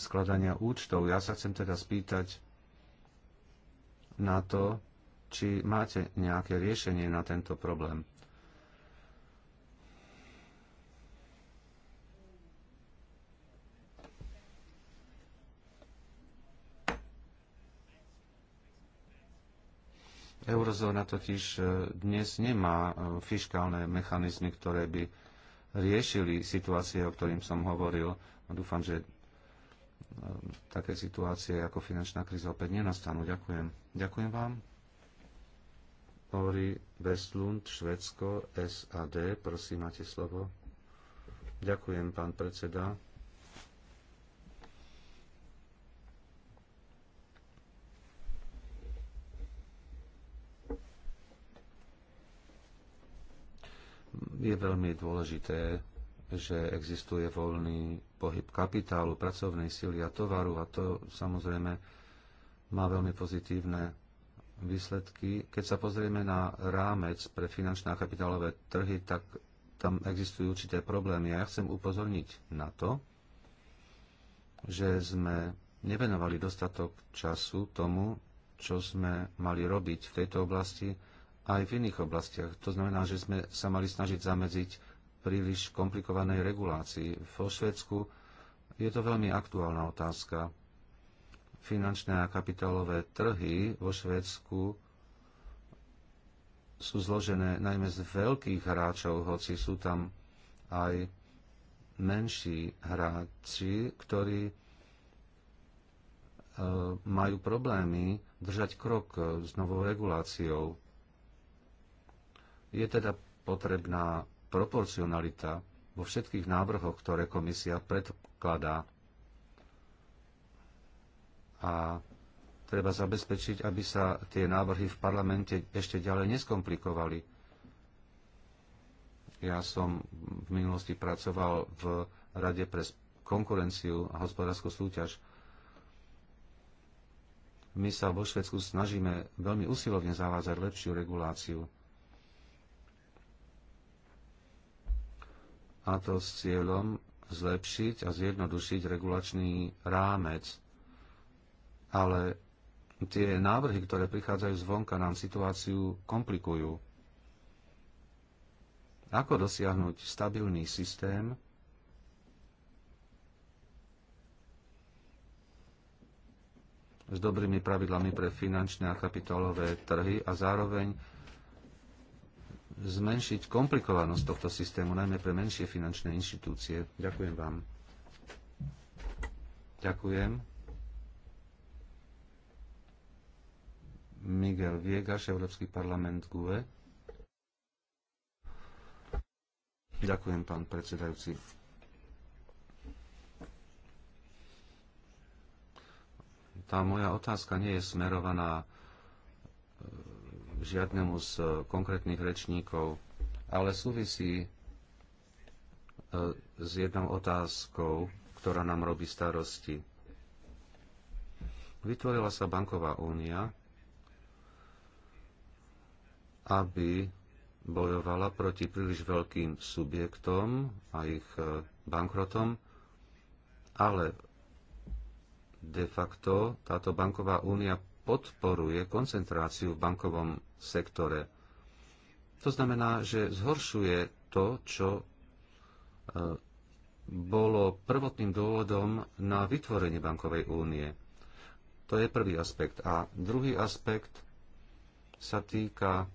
skladania účtov. Ja sa chcem teda spýtať na to, či máte nejaké riešenie na tento problém. Eurozóna totiž e, dnes nemá e, fiškálne mechanizmy, ktoré by riešili situácie, o ktorým som hovoril. No, dúfam, že e, také situácie ako finančná kríza opäť nenastanú. Ďakujem. Ďakujem vám. Ori Westlund, Švedsko, SAD. Prosím, máte slovo. Ďakujem, pán predseda. Je veľmi dôležité, že existuje voľný pohyb kapitálu, pracovnej sily a tovaru a to samozrejme má veľmi pozitívne výsledky. Keď sa pozrieme na rámec pre finančné a kapitálové trhy, tak tam existujú určité problémy. A ja chcem upozorniť na to, že sme nevenovali dostatok času tomu, čo sme mali robiť v tejto oblasti aj v iných oblastiach. To znamená, že sme sa mali snažiť zamedziť príliš komplikovanej regulácii. Vo Švedsku je to veľmi aktuálna otázka Finančné a kapitálové trhy vo Švédsku sú zložené najmä z veľkých hráčov, hoci sú tam aj menší hráči, ktorí e, majú problémy držať krok s novou reguláciou. Je teda potrebná proporcionalita vo všetkých návrhoch, ktoré komisia predkladá a treba zabezpečiť, aby sa tie návrhy v parlamente ešte ďalej neskomplikovali. Ja som v minulosti pracoval v Rade pre konkurenciu a hospodárskú súťaž. My sa vo Švedsku snažíme veľmi usilovne zavádzať lepšiu reguláciu. A to s cieľom zlepšiť a zjednodušiť regulačný rámec ale tie návrhy, ktoré prichádzajú zvonka, nám situáciu komplikujú. Ako dosiahnuť stabilný systém, s dobrými pravidlami pre finančné a kapitálové trhy a zároveň zmenšiť komplikovanosť tohto systému, najmä pre menšie finančné inštitúcie. Ďakujem vám. Ďakujem. Miguel Viegaš, Európsky parlament GUE. Ďakujem, pán predsedajúci. Tá moja otázka nie je smerovaná e, žiadnemu z e, konkrétnych rečníkov, ale súvisí e, s jednou otázkou, ktorá nám robí starosti. Vytvorila sa banková únia aby bojovala proti príliš veľkým subjektom a ich e, bankrotom, ale de facto táto banková únia podporuje koncentráciu v bankovom sektore. To znamená, že zhoršuje to, čo e, bolo prvotným dôvodom na vytvorenie bankovej únie. To je prvý aspekt. A druhý aspekt sa týka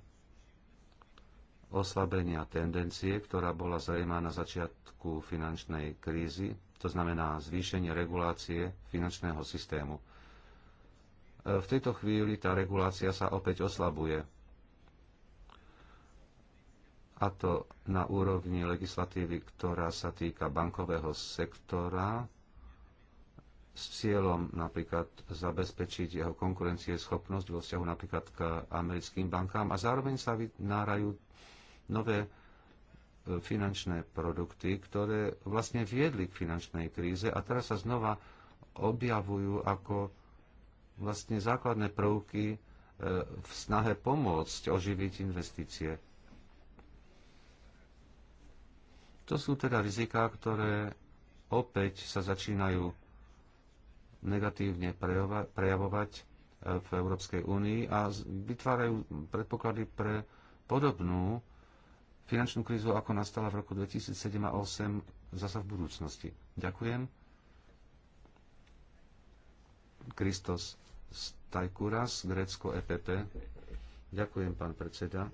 oslabenia tendencie, ktorá bola zrejmá na začiatku finančnej krízy, to znamená zvýšenie regulácie finančného systému. E, v tejto chvíli tá regulácia sa opäť oslabuje, a to na úrovni legislatívy, ktorá sa týka bankového sektora, s cieľom napríklad zabezpečiť jeho konkurencieschopnosť vo vzťahu napríklad k americkým bankám a zároveň sa vynárajú nové e, finančné produkty, ktoré vlastne viedli k finančnej kríze a teraz sa znova objavujú ako vlastne základné prvky e, v snahe pomôcť oživiť investície. To sú teda riziká, ktoré opäť sa začínajú negatívne prejavovať e, v Európskej únii a vytvárajú predpoklady pre podobnú finančnú krízu, ako nastala v roku 2007 a 2008, zasa v budúcnosti. Ďakujem. Kristos Stajkuras, Grécko EPP. Ďakujem, pán predseda.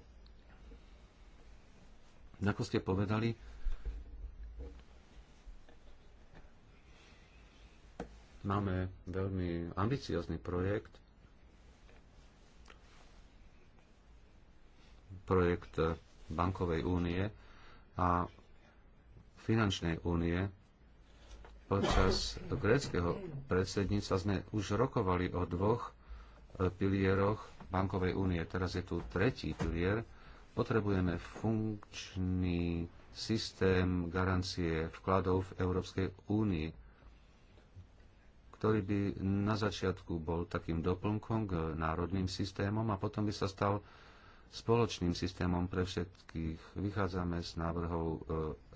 Ako ste povedali, máme veľmi ambiciózny projekt, projekt bankovej únie a finančnej únie. Počas gréckého predsedníca sme už rokovali o dvoch e, pilieroch bankovej únie. Teraz je tu tretí pilier. Potrebujeme funkčný systém garancie vkladov v Európskej únii, ktorý by na začiatku bol takým doplnkom k národným systémom a potom by sa stal spoločným systémom pre všetkých. Vychádzame z návrhov e,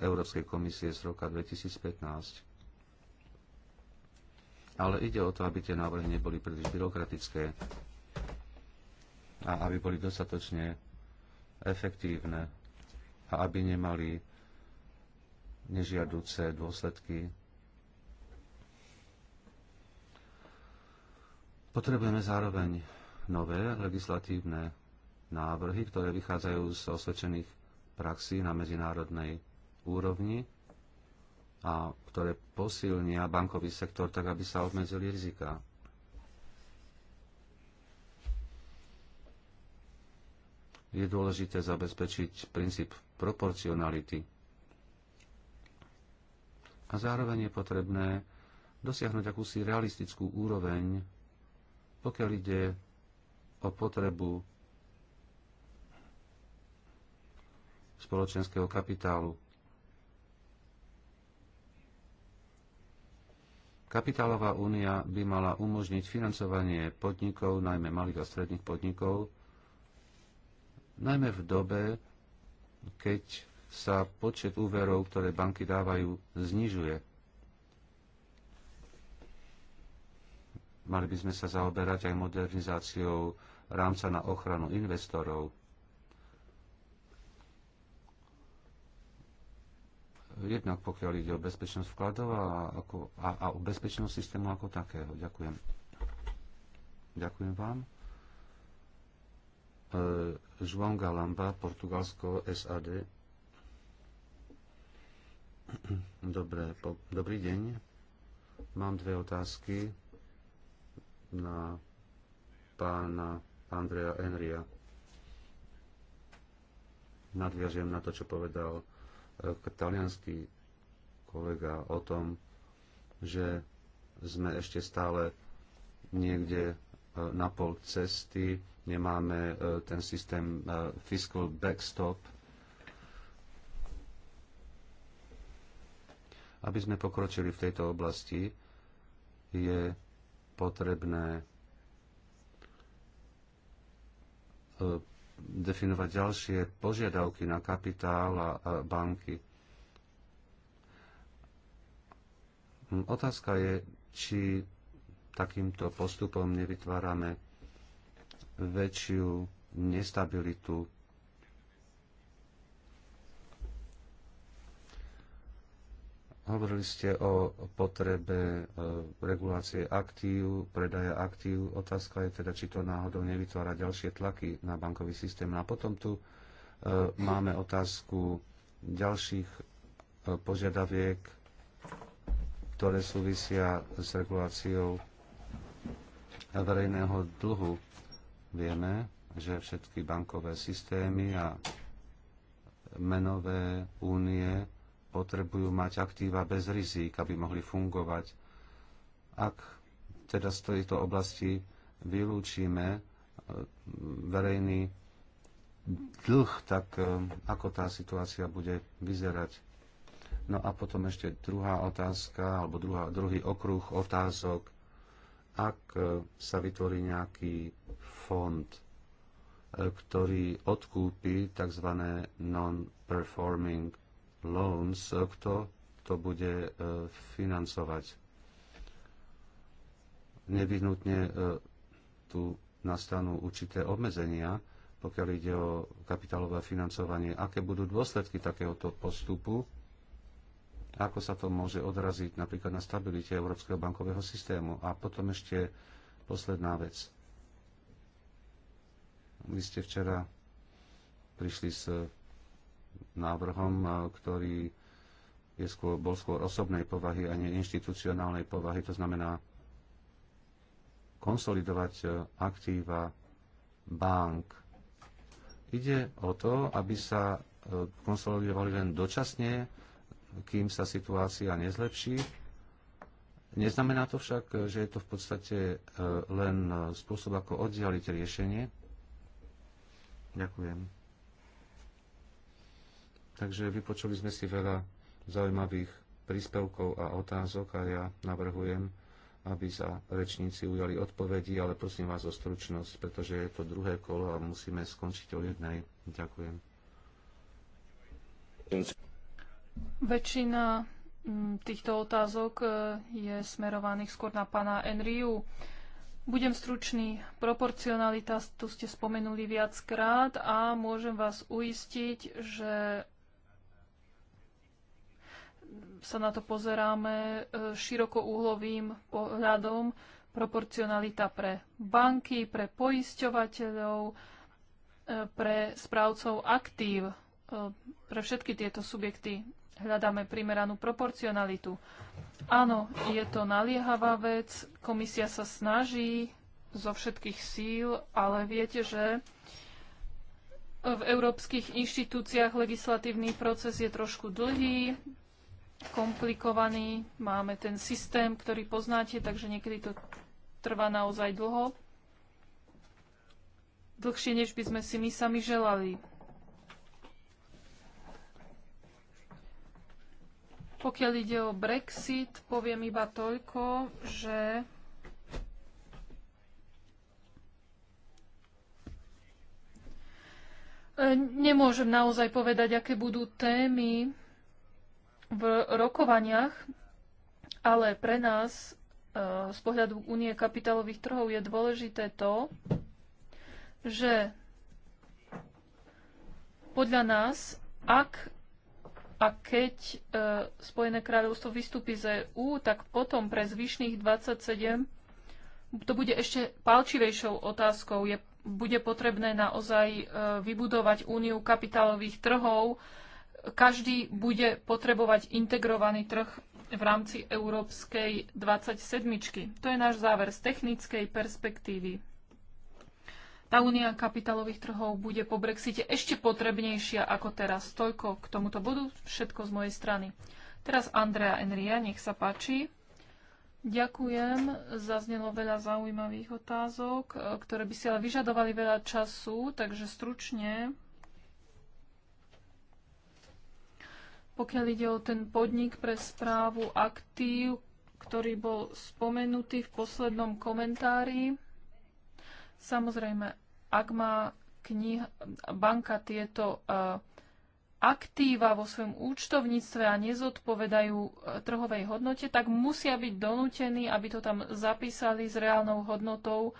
Európskej komisie z roka 2015. Ale ide o to, aby tie návrhy neboli príliš byrokratické a aby boli dostatočne efektívne a aby nemali nežiaduce dôsledky. Potrebujeme zároveň nové legislatívne návrhy, ktoré vychádzajú z osvedčených praxí na medzinárodnej úrovni a ktoré posilnia bankový sektor tak, aby sa obmedzili rizika. Je dôležité zabezpečiť princíp proporcionality. A zároveň je potrebné dosiahnuť akúsi realistickú úroveň, pokiaľ ide o potrebu spoločenského kapitálu. Kapitálová únia by mala umožniť financovanie podnikov, najmä malých a stredných podnikov, najmä v dobe, keď sa počet úverov, ktoré banky dávajú, znižuje. Mali by sme sa zaoberať aj modernizáciou rámca na ochranu investorov. jednak pokiaľ ide o bezpečnosť vkladov a, ako, a, a o bezpečnosť systému ako takého. Ďakujem. Ďakujem vám. E, João Galamba, Portugalsko, SAD. Dobre, po, dobrý deň. Mám dve otázky na pána Andrea Enria. Nadviažem na to, čo povedal E, talianský kolega o tom, že sme ešte stále niekde e, na pol cesty, nemáme e, ten systém fiscal backstop, Aby sme pokročili v tejto oblasti, je potrebné definovať ďalšie požiadavky na kapitál a banky. Otázka je, či takýmto postupom nevytvárame väčšiu nestabilitu Hovorili ste o potrebe e, regulácie aktív, predaja aktív. Otázka je teda, či to náhodou nevytvára ďalšie tlaky na bankový systém. A potom tu e, máme otázku ďalších e, požiadaviek, ktoré súvisia s reguláciou verejného dlhu. Vieme, že všetky bankové systémy a menové únie potrebujú mať aktíva bez rizík, aby mohli fungovať. Ak teda z tejto oblasti vylúčime e, verejný dlh, tak e, ako tá situácia bude vyzerať. No a potom ešte druhá otázka, alebo druhá, druhý okruh otázok. Ak e, sa vytvorí nejaký fond, ktorý odkúpi tzv. non-performing Loans, eh, kto to bude eh, financovať. Nevyhnutne eh, tu nastanú určité obmedzenia, pokiaľ ide o kapitálové financovanie. Aké budú dôsledky takéhoto postupu? Ako sa to môže odraziť napríklad na stabilite Európskeho bankového systému? A potom ešte posledná vec. Vy ste včera prišli s návrhom, e, ktorý je skôr, bol skôr osobnej povahy a nie inštitucionálnej povahy. To znamená konsolidovať e, aktíva bank. Ide o to, aby sa e, konsolidovali len dočasne, kým sa situácia nezlepší. Neznamená to však, že je to v podstate len spôsob, ako oddialiť riešenie. Ďakujem. Takže vypočuli sme si veľa zaujímavých príspevkov a otázok a ja navrhujem, aby sa rečníci ujali odpovedi, ale prosím vás o stručnosť, pretože je to druhé kolo a musíme skončiť o jednej. Ďakujem. Väčšina mm, týchto otázok e, je smerovaných skôr na pána Enriu. Budem stručný. Proporcionalita tu ste spomenuli viackrát a môžem vás uistiť, že sa na to pozeráme e, širokouhlovým pohľadom, proporcionalita pre banky, pre poisťovateľov, e, pre správcov aktív, e, pre všetky tieto subjekty hľadáme primeranú proporcionalitu. Áno, je to naliehavá vec, komisia sa snaží zo všetkých síl, ale viete, že v európskych inštitúciách legislatívny proces je trošku dlhý, komplikovaný, máme ten systém, ktorý poznáte, takže niekedy to trvá naozaj dlho. Dlhšie, než by sme si my sami želali. Pokiaľ ide o Brexit, poviem iba toľko, že nemôžem naozaj povedať, aké budú témy v rokovaniach, ale pre nás e, z pohľadu únie kapitálových trhov je dôležité to, že podľa nás, ak a keď e, Spojené kráľovstvo vystúpi z EÚ, tak potom pre zvyšných 27 to bude ešte palčivejšou otázkou. Je, bude potrebné naozaj e, vybudovať úniu kapitálových trhov, každý bude potrebovať integrovaný trh v rámci Európskej 27. To je náš záver z technickej perspektívy. Tá únia kapitálových trhov bude po Brexite ešte potrebnejšia ako teraz. Toľko k tomuto bodu, všetko z mojej strany. Teraz Andrea Enria, nech sa páči. Ďakujem, zaznelo veľa zaujímavých otázok, ktoré by si ale vyžadovali veľa času, takže stručne Pokiaľ ide o ten podnik pre správu aktív, ktorý bol spomenutý v poslednom komentári, samozrejme, ak má kniha, banka tieto e, aktíva vo svojom účtovníctve a nezodpovedajú e, trhovej hodnote, tak musia byť donútení, aby to tam zapísali s reálnou hodnotou. E,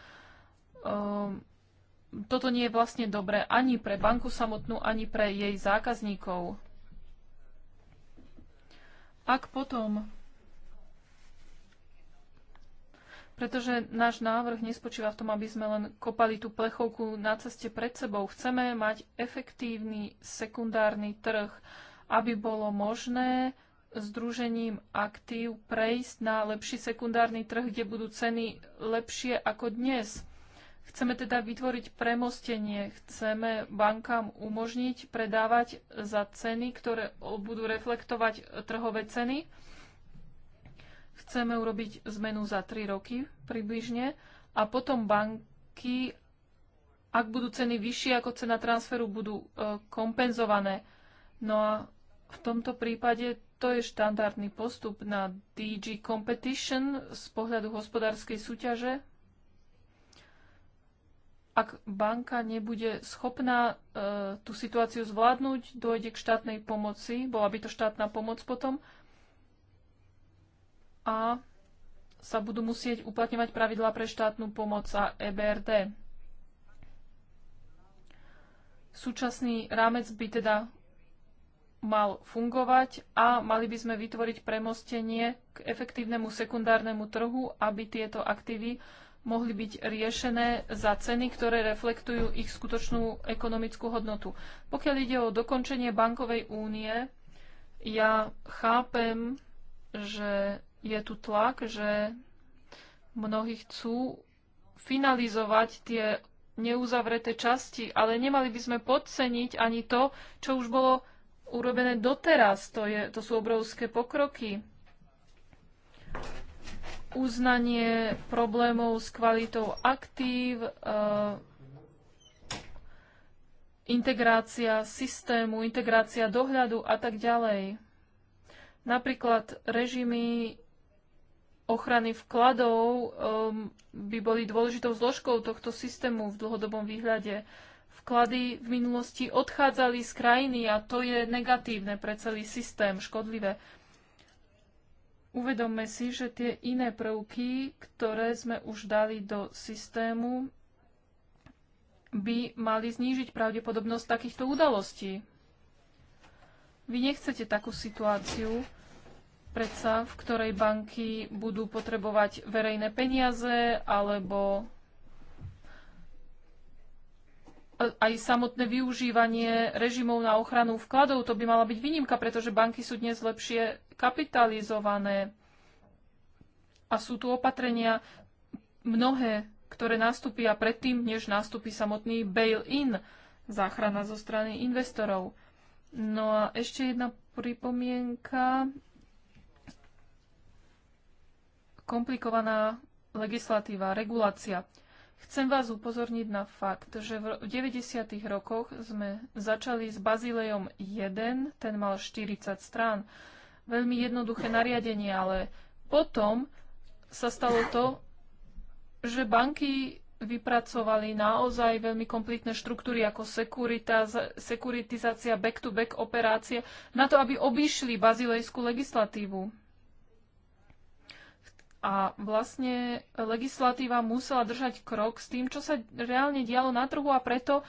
toto nie je vlastne dobré ani pre banku samotnú, ani pre jej zákazníkov. Ak potom pretože náš návrh nespočíva v tom, aby sme len kopali tú plechovku na ceste pred sebou. Chceme mať efektívny sekundárny trh, aby bolo možné združením aktív prejsť na lepší sekundárny trh, kde budú ceny lepšie ako dnes. Chceme teda vytvoriť premostenie, chceme bankám umožniť predávať za ceny, ktoré budú reflektovať trhové ceny. Chceme urobiť zmenu za 3 roky približne a potom banky, ak budú ceny vyššie ako cena transferu, budú e, kompenzované. No a v tomto prípade to je štandardný postup na DG Competition z pohľadu hospodárskej súťaže ak banka nebude schopná e, tú situáciu zvládnuť, dojde k štátnej pomoci, bola by to štátna pomoc potom a sa budú musieť uplatňovať pravidlá pre štátnu pomoc a EBRD. Súčasný rámec by teda mal fungovať a mali by sme vytvoriť premostenie k efektívnemu sekundárnemu trhu, aby tieto aktívy mohli byť riešené za ceny, ktoré reflektujú ich skutočnú ekonomickú hodnotu. Pokiaľ ide o dokončenie bankovej únie, ja chápem, že je tu tlak, že mnohí chcú finalizovať tie neuzavreté časti, ale nemali by sme podceniť ani to, čo už bolo urobené doteraz. To, je, to sú obrovské pokroky uznanie problémov s kvalitou aktív, e, integrácia systému, integrácia dohľadu a tak ďalej. Napríklad režimy ochrany vkladov um, by boli dôležitou zložkou tohto systému v dlhodobom výhľade. Vklady v minulosti odchádzali z krajiny a to je negatívne pre celý systém, škodlivé. Uh, Uvedomme si, že tie iné prvky, ktoré sme už dali do systému, by mali znížiť pravdepodobnosť takýchto udalostí. Vy nechcete takú situáciu, predsa, v ktorej banky budú potrebovať verejné peniaze alebo aj samotné využívanie režimov na ochranu vkladov, to by mala byť výnimka, pretože banky sú dnes lepšie kapitalizované a sú tu opatrenia mnohé, ktoré nastúpia predtým, než nastúpi samotný bail-in, záchrana zo strany investorov. No a ešte jedna pripomienka. Komplikovaná legislatíva, regulácia. Chcem vás upozorniť na fakt, že v 90. rokoch sme začali s Bazilejom 1, ten mal 40 strán. Veľmi jednoduché nariadenie, ale potom sa stalo to, že banky vypracovali naozaj veľmi komplitné štruktúry ako sekuritizácia, back-to-back -back operácie, na to, aby obišli bazilejskú legislatívu. A vlastne legislatíva musela držať krok s tým, čo sa reálne dialo na trhu a preto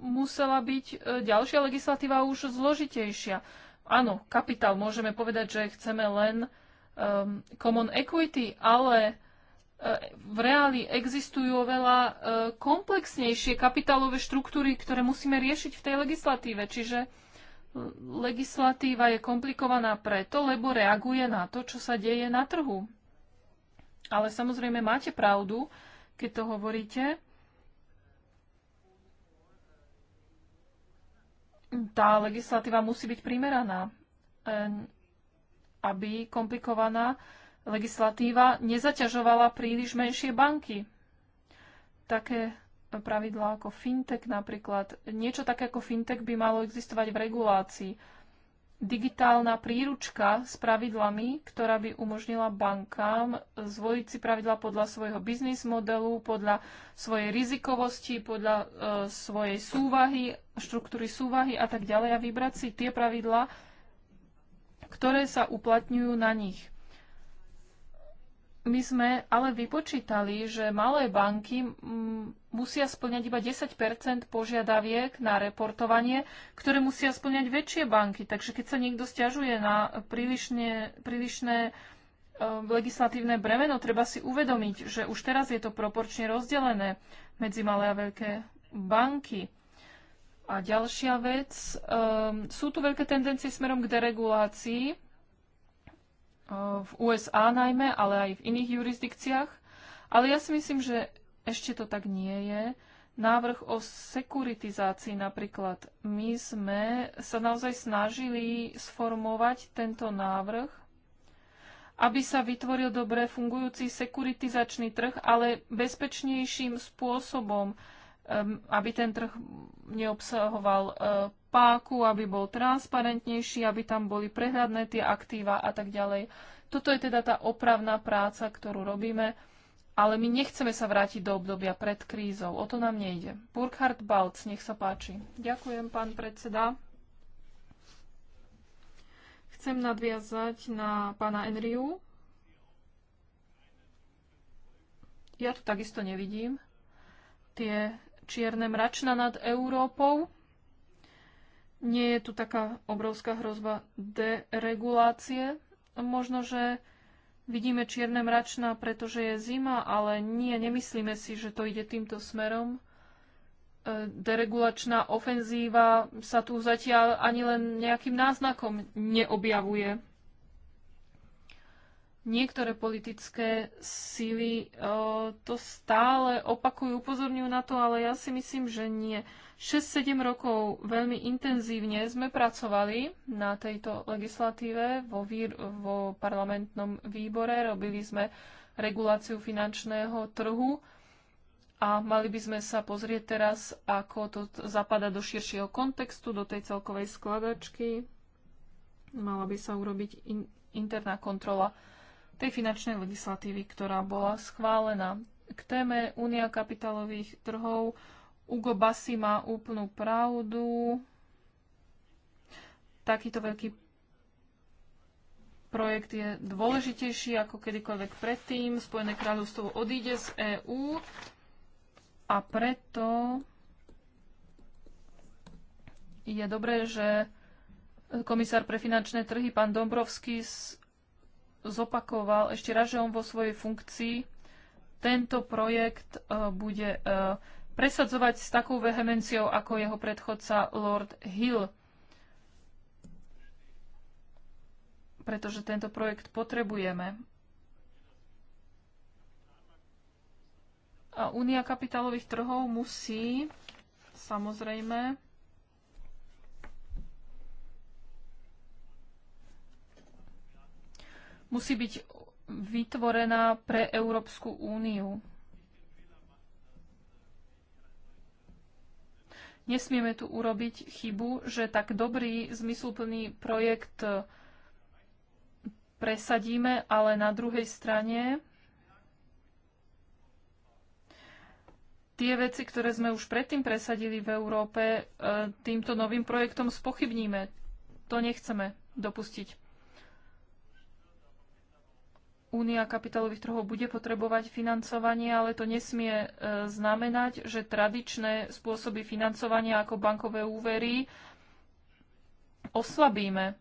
musela byť e, ďalšia legislatíva už zložitejšia. Áno, kapitál, môžeme povedať, že chceme len um, common equity, ale e, v reáli existujú oveľa e, komplexnejšie kapitálové štruktúry, ktoré musíme riešiť v tej legislatíve. Čiže legislatíva je komplikovaná preto, lebo reaguje na to, čo sa deje na trhu. Ale samozrejme máte pravdu, keď to hovoríte. Tá legislatíva musí byť primeraná, e, aby komplikovaná legislatíva nezaťažovala príliš menšie banky. Také pravidlá ako fintech napríklad. Niečo také ako fintech by malo existovať v regulácii digitálna príručka s pravidlami, ktorá by umožnila bankám zvoliť si pravidla podľa svojho biznis modelu, podľa svojej rizikovosti, podľa e, svojej súvahy, štruktúry súvahy a tak ďalej a vybrať si tie pravidla, ktoré sa uplatňujú na nich my sme ale vypočítali, že malé banky musia splňať iba 10 požiadaviek na reportovanie, ktoré musia splňať väčšie banky. Takže keď sa niekto stiažuje na prílišne, prílišné e, legislatívne bremeno, treba si uvedomiť, že už teraz je to proporčne rozdelené medzi malé a veľké banky. A ďalšia vec, um, sú tu veľké tendencie smerom k deregulácii, Eh, v USA najmä, ale aj v iných jurisdikciách. Ale ja si myslím, že ešte to tak nie je. Návrh o sekuritizácii napríklad. My sme sa naozaj snažili sformovať tento návrh, aby sa vytvoril dobre fungujúci sekuritizačný trh, ale bezpečnejším spôsobom, ehm, aby ten trh neobsahoval eh, páku, aby bol transparentnejší, aby tam boli prehľadné tie aktíva a tak ďalej. Toto je teda tá opravná práca, ktorú robíme, ale my nechceme sa vrátiť do obdobia pred krízou. O to nám nejde. Burkhard Balc, nech sa páči. Ďakujem, pán predseda. Chcem nadviazať na pána Enriu. Ja tu takisto nevidím tie čierne mračna nad Európou nie je tu taká obrovská hrozba deregulácie. Možno, že vidíme čierne mračná, pretože je zima, ale nie, nemyslíme si, že to ide týmto smerom. E, deregulačná ofenzíva sa tu zatiaľ ani len nejakým náznakom neobjavuje. Niektoré politické síly e, to stále opakujú, upozorňujú na to, ale ja si myslím, že nie. 6-7 rokov veľmi intenzívne sme pracovali na tejto legislatíve vo, výr- vo parlamentnom výbore. Robili sme reguláciu finančného trhu a mali by sme sa pozrieť teraz, ako to zapada do širšieho kontextu, do tej celkovej skladačky. Mala by sa urobiť in- interná kontrola tej finančnej legislatívy, ktorá bola schválená. K téme Únia kapitálových trhov Ugo Bassi má úplnú pravdu. Takýto veľký projekt je dôležitejší ako kedykoľvek predtým. Spojené kráľovstvo odíde z EÚ a preto je dobré, že komisár pre finančné trhy, pán Dombrovský, zopakoval ešte raz, že on vo svojej funkcii tento projekt e, bude e, presadzovať s takou vehemenciou ako jeho predchodca Lord Hill. Pretože tento projekt potrebujeme. A Únia kapitálových trhov musí samozrejme musí byť vytvorená pre Európsku úniu. Nesmieme tu urobiť chybu, že tak dobrý, zmysluplný projekt presadíme, ale na druhej strane tie veci, ktoré sme už predtým presadili v Európe, e, týmto novým projektom spochybníme. To nechceme dopustiť. Únia kapitálových trhov bude potrebovať financovanie, ale to nesmie e, znamenať, že tradičné spôsoby financovania ako bankové úvery oslabíme.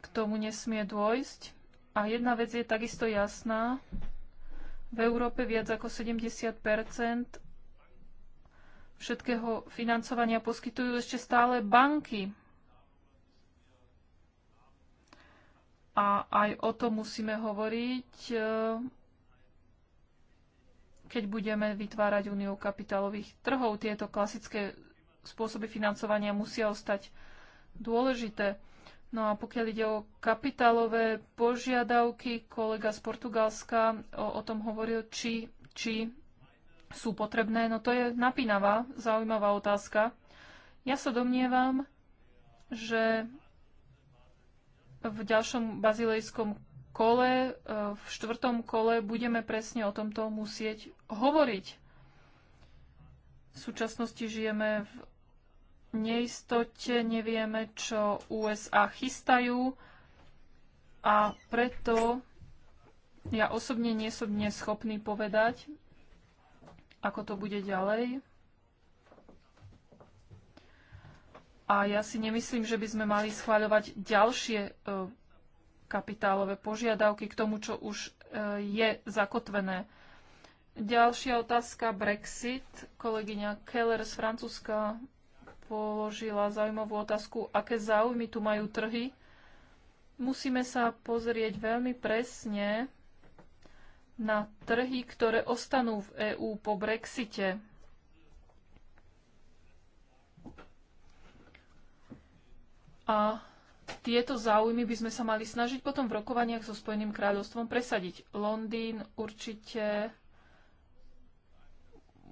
K tomu nesmie dôjsť. A jedna vec je takisto jasná. V Európe viac ako 70 všetkého financovania poskytujú ešte stále banky. A aj o tom musíme hovoriť, e, keď budeme vytvárať úniu kapitálových trhov. Tieto klasické spôsoby financovania musia ostať dôležité. No a pokiaľ ide o kapitálové požiadavky, kolega z Portugalska o, o tom hovoril, či, či sú potrebné. No to je napínavá, zaujímavá otázka. Ja sa domnievam, že v ďalšom bazilejskom kole, e, v štvrtom kole budeme presne o tomto musieť hovoriť. V súčasnosti žijeme v neistote, nevieme, čo USA chystajú a preto ja osobne nie som dnes schopný povedať, ako to bude ďalej. A ja si nemyslím, že by sme mali schváľovať ďalšie e, kapitálové požiadavky k tomu, čo už e, je zakotvené. Ďalšia otázka Brexit. Kolegyňa Keller z Francúzska položila zaujímavú otázku, aké záujmy tu majú trhy. Musíme sa pozrieť veľmi presne na trhy, ktoré ostanú v EÚ po Brexite. A tieto záujmy by sme sa mali snažiť potom v rokovaniach so Spojeným kráľovstvom presadiť. Londýn určite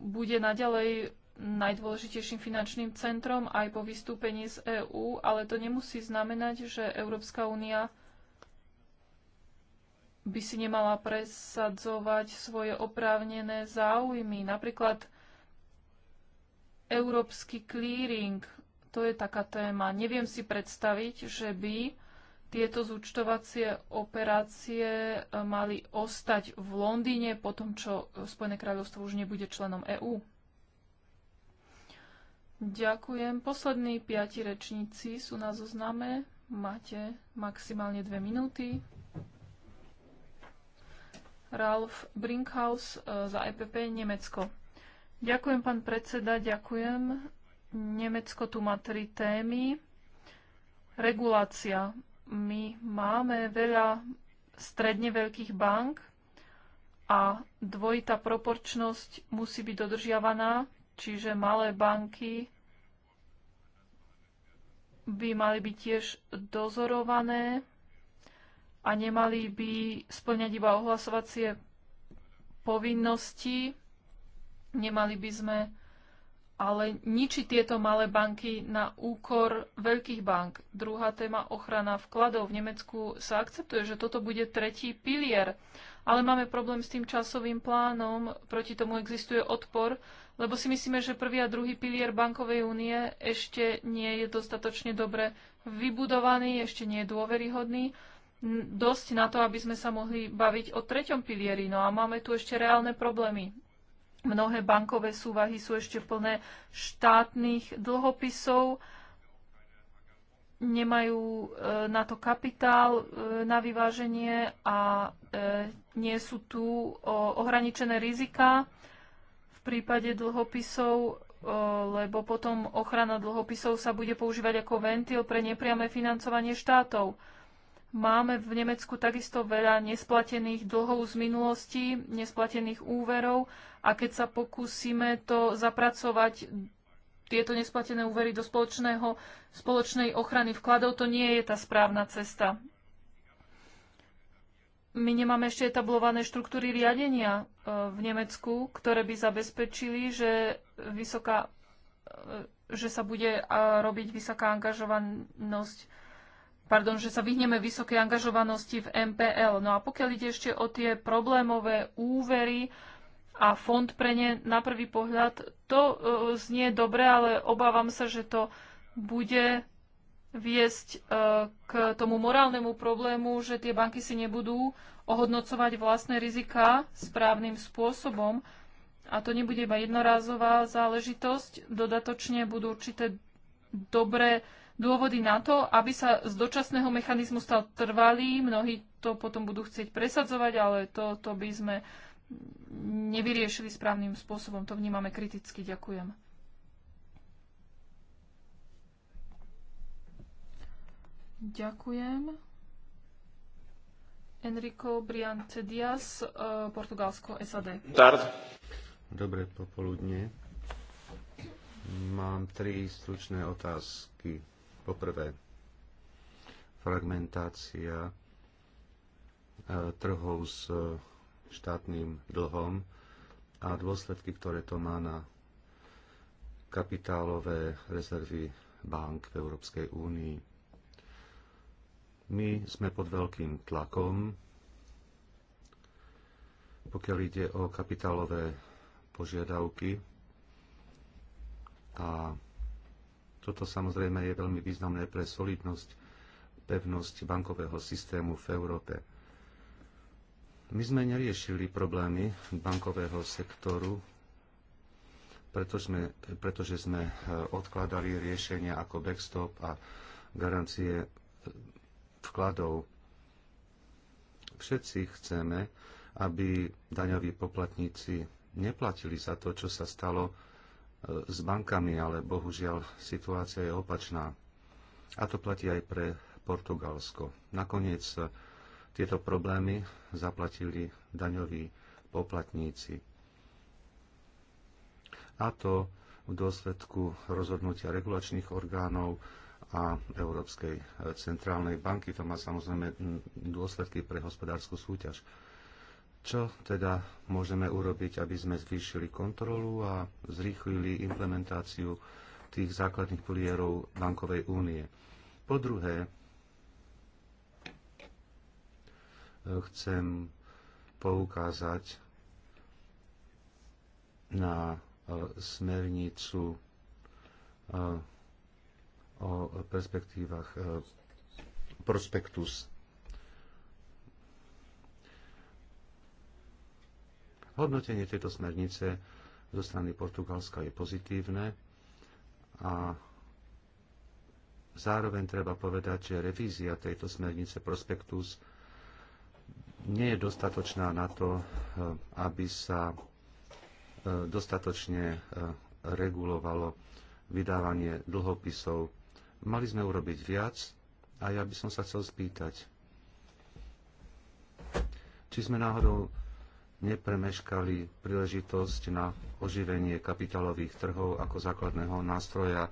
bude naďalej najdôležitejším finančným centrom aj po vystúpení z EÚ, ale to nemusí znamenať, že Európska únia by si nemala presadzovať svoje oprávnené záujmy. Napríklad európsky clearing – to je taká téma. Neviem si predstaviť, že by tieto zúčtovacie operácie e, mali ostať v Londýne po tom, čo Spojené kráľovstvo už nebude členom EÚ. Ďakujem. Poslední piati rečníci sú na zozname. Máte maximálne dve minúty. Ralf Brinkhaus e, za EPP Nemecko. Ďakujem, pán predseda, ďakujem Nemecko tu má tri témy. Regulácia. My máme veľa stredne veľkých bank a dvojitá proporčnosť musí byť dodržiavaná, čiže malé banky by mali byť tiež dozorované a nemali by splňať iba ohlasovacie povinnosti. Nemali by sme ale ničí tieto malé banky na úkor veľkých bank. Druhá téma ochrana vkladov. V Nemecku sa akceptuje, že toto bude tretí pilier, ale máme problém s tým časovým plánom, proti tomu existuje odpor, lebo si myslíme, že prvý a druhý pilier bankovej únie ešte nie je dostatočne dobre vybudovaný, ešte nie je dôveryhodný dosť na to, aby sme sa mohli baviť o treťom pilieri. No a máme tu ešte reálne problémy. Mnohé bankové súvahy sú ešte plné štátnych dlhopisov, nemajú e, na to kapitál e, na vyváženie a e, nie sú tu ohraničené rizika v prípade dlhopisov, lebo potom ochrana dlhopisov sa bude používať ako ventil pre nepriame financovanie štátov. Máme v Nemecku takisto veľa nesplatených dlhov z minulosti, nesplatených úverov a keď sa pokúsime to zapracovať tieto nesplatené úvery do spoločného, spoločnej ochrany vkladov, to nie je tá správna cesta. My nemáme ešte etablované štruktúry riadenia e, v Nemecku, ktoré by zabezpečili, že, vysoká, e, že sa bude e, robiť vysoká angažovanosť, pardon, že sa vyhneme vysokej angažovanosti v MPL. No a pokiaľ ide ešte o tie problémové úvery, a fond pre ne na prvý pohľad. To e, znie dobre, ale obávam sa, že to bude viesť e, k tomu morálnemu problému, že tie banky si nebudú ohodnocovať vlastné rizika správnym spôsobom. A to nebude iba jednorázová záležitosť. Dodatočne budú určité dobré dôvody na to, aby sa z dočasného mechanizmu stal trvalý. Mnohí to potom budú chcieť presadzovať, ale to, to by sme uh, nevyriešili správnym spôsobom. To vnímame kriticky. Ďakujem. Ďakujem. Enrico Briante Dias, eh, Portugalsko, SAD. Dard. Dobre popoludne. Mám tri stručné otázky. Poprvé, fragmentácia eh, trhov s štátnym dlhom a dôsledky, ktoré to má na kapitálové rezervy bank v Európskej únii. My sme pod veľkým tlakom, pokiaľ ide o kapitálové požiadavky a toto samozrejme je veľmi významné pre solidnosť, pevnosť bankového systému v Európe. My sme neriešili problémy bankového sektoru, pretože sme, pretože sme e, odkladali riešenia ako backstop a garancie e, vkladov. Všetci chceme, aby daňoví poplatníci neplatili za to, čo sa stalo e, s bankami, ale bohužiaľ situácia je opačná. A to platí aj pre Portugalsko. Nakoniec tieto problémy zaplatili daňoví poplatníci. A to v dôsledku rozhodnutia regulačných orgánov a Európskej e, centrálnej banky. To má samozrejme dôsledky pre hospodárskú súťaž. Čo teda môžeme urobiť, aby sme zvýšili kontrolu a zrýchlili implementáciu tých základných pilierov bankovej únie? Po druhé, chcem poukázať na e, smernicu e, o perspektívach e, prospektus. Hodnotenie tejto smernice zo strany Portugalska je pozitívne a zároveň treba povedať, že revízia tejto smernice prospektus nie je dostatočná na to, e, aby sa e, dostatočne e, regulovalo vydávanie dlhopisov. Mali sme urobiť viac a ja by som sa chcel spýtať, či sme náhodou nepremeškali príležitosť na oživenie kapitálových trhov ako základného nástroja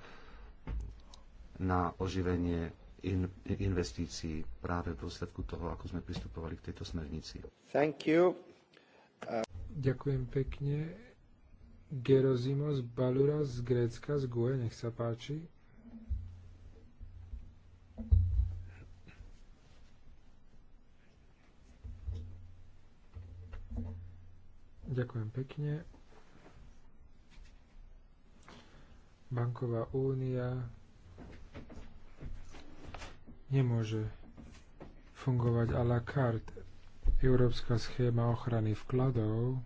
na oživenie in, investícií práve v dôsledku toho, ako sme pristupovali k tejto smernici. Thank you. Uh... Ďakujem pekne. Gerozimos Baluras z Grécka, z GUE, nech sa páči. Ďakujem pekne. Banková únia, nemôže fungovať a la carte. Európska schéma ochrany vkladov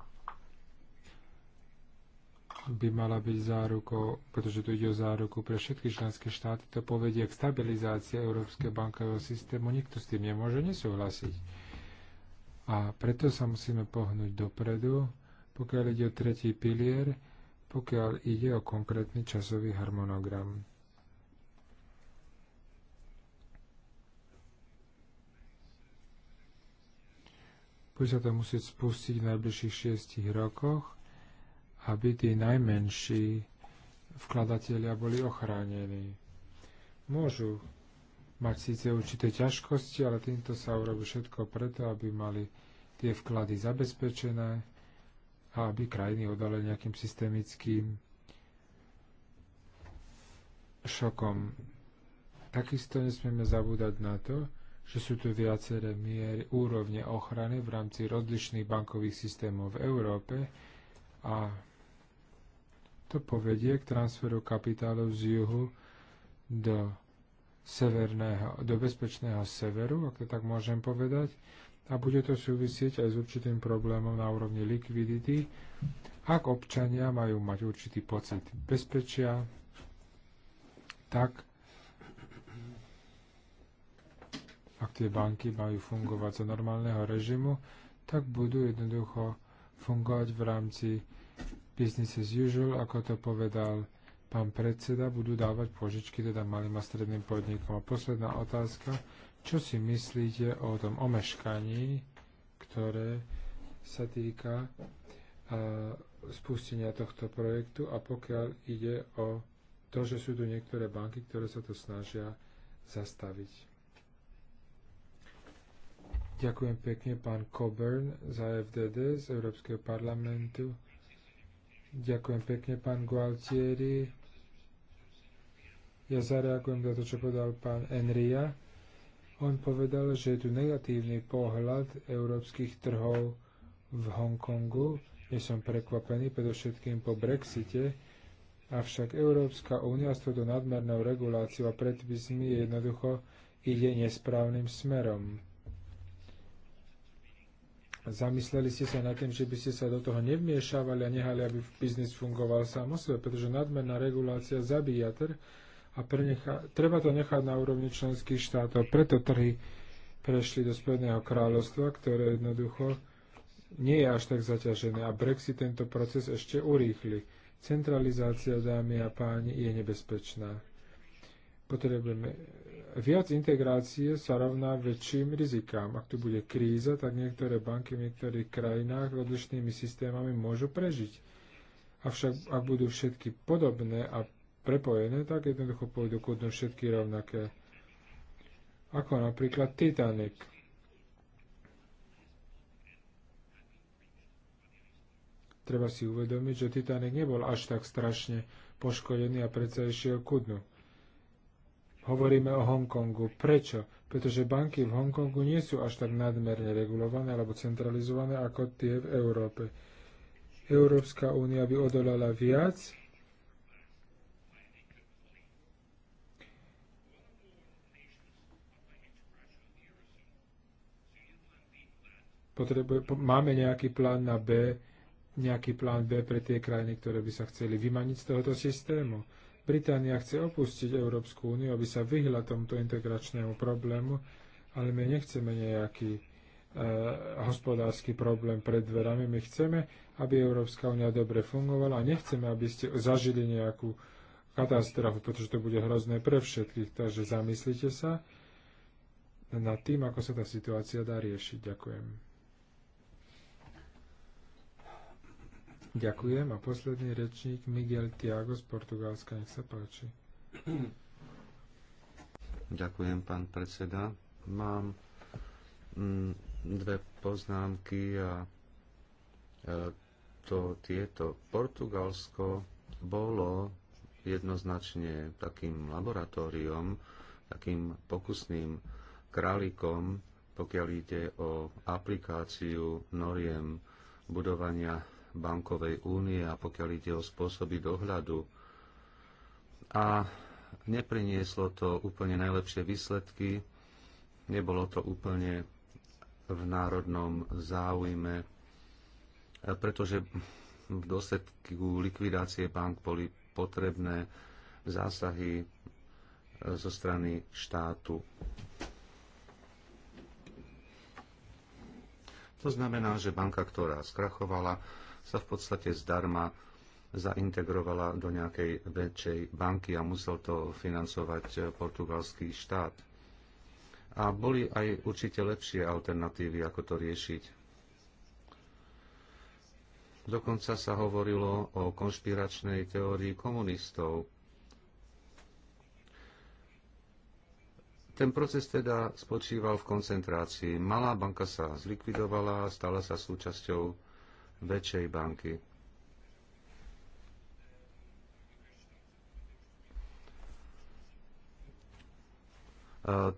by mala byť zárukou, pretože tu ide o záruku pre všetky členské štáty, to povedie k stabilizácii európskeho bankového systému. Nikto s tým nemôže nesúhlasiť. A preto sa musíme pohnúť dopredu, pokiaľ ide o tretí pilier, pokiaľ ide o konkrétny časový harmonogram. Bude sa to musieť spustiť v najbližších šiestich rokoch, aby tí najmenší vkladatelia boli ochránení. Môžu mať síce určité ťažkosti, ale týmto sa urobí všetko preto, aby mali tie vklady zabezpečené a aby krajiny odali nejakým systemickým šokom. Takisto nesmieme zabúdať na to, že sú tu viaceré miery úrovne ochrany v rámci rozlišných bankových systémov v Európe a to povedie k transferu kapitálov z juhu do, severného, do bezpečného severu, ak to tak môžem povedať, a bude to súvisieť aj s určitým problémom na úrovni likvidity, ak občania majú mať určitý pocit bezpečia, tak ak tie banky majú fungovať za normálneho režimu, tak budú jednoducho fungovať v rámci business as usual, ako to povedal pán predseda, budú dávať požičky teda malým a stredným podnikom. A posledná otázka, čo si myslíte o tom omeškaní, ktoré sa týka spustenia tohto projektu a pokiaľ ide o to, že sú tu niektoré banky, ktoré sa to snažia zastaviť. Ďakujem pekne pán Coburn za FDD z Európskeho parlamentu. Ďakujem pekne pán Gualtieri. Ja zareagujem na to, čo povedal pán Enria. On povedal, že je tu negatívny pohľad európskych trhov v Hongkongu. Nie som prekvapený, predovšetkým po Brexite. Avšak Európska únia s touto nadmernou reguláciou a predpismi jednoducho ide nesprávnym smerom. Zamysleli ste sa nad tým, že by ste sa do toho nevmiešavali a nehali, aby biznis fungoval sám o sebe, pretože nadmerná regulácia zabíja trh a prenecha, treba to nechať na úrovni členských štátov. Preto trhy prešli do Spojeného kráľovstva, ktoré jednoducho nie je až tak zaťažené a Brexit tento proces ešte urýchli. Centralizácia, dámy a páni, je nebezpečná. Potrebujeme viac integrácie sa rovná väčším rizikám. Ak tu bude kríza, tak niektoré banky v niektorých krajinách odlišnými systémami môžu prežiť. Avšak ak budú všetky podobné a prepojené, tak jednoducho pôjdu ku všetky rovnaké. Ako napríklad Titanic. Treba si uvedomiť, že Titanic nebol až tak strašne poškodený a predsa išiel ku dnu hovoríme o Hongkongu. Prečo? Pretože banky v Hongkongu nie sú až tak nadmerne regulované alebo centralizované ako tie v Európe. Európska únia by odolala viac potrebuje, máme nejaký plán na B, nejaký plán B pre tie krajiny, ktoré by sa chceli vymaniť z tohoto systému. Británia chce opustiť Európsku úniu, aby sa vyhla tomuto integračnému problému, ale my nechceme nejaký e, hospodársky problém pred dverami. My chceme, aby Európska únia dobre fungovala a nechceme, aby ste zažili nejakú katastrofu, pretože to bude hrozné pre všetkých. Takže zamyslite sa nad tým, ako sa tá situácia dá riešiť. Ďakujem. Ďakujem. A posledný rečník Miguel Tiago z Portugalska. Nech sa páči. Ďakujem, pán predseda. Mám mm, dve poznámky a e, to tieto. Portugalsko bolo jednoznačne takým laboratóriom, takým pokusným králikom, pokiaľ ide o aplikáciu noriem budovania bankovej únie a pokiaľ ide o spôsoby dohľadu. A neprinieslo to úplne najlepšie výsledky, nebolo to úplne v národnom záujme, pretože v dôsledku likvidácie bank boli potrebné zásahy e, zo strany štátu. To znamená, že banka, ktorá skrachovala, sa v podstate zdarma zaintegrovala do nejakej väčšej banky a musel to financovať portugalský štát. A boli aj určite lepšie alternatívy, ako to riešiť. Dokonca sa hovorilo o konšpiračnej teórii komunistov. Ten proces teda spočíval v koncentrácii. Malá banka sa zlikvidovala, stala sa súčasťou väčšej banky. E,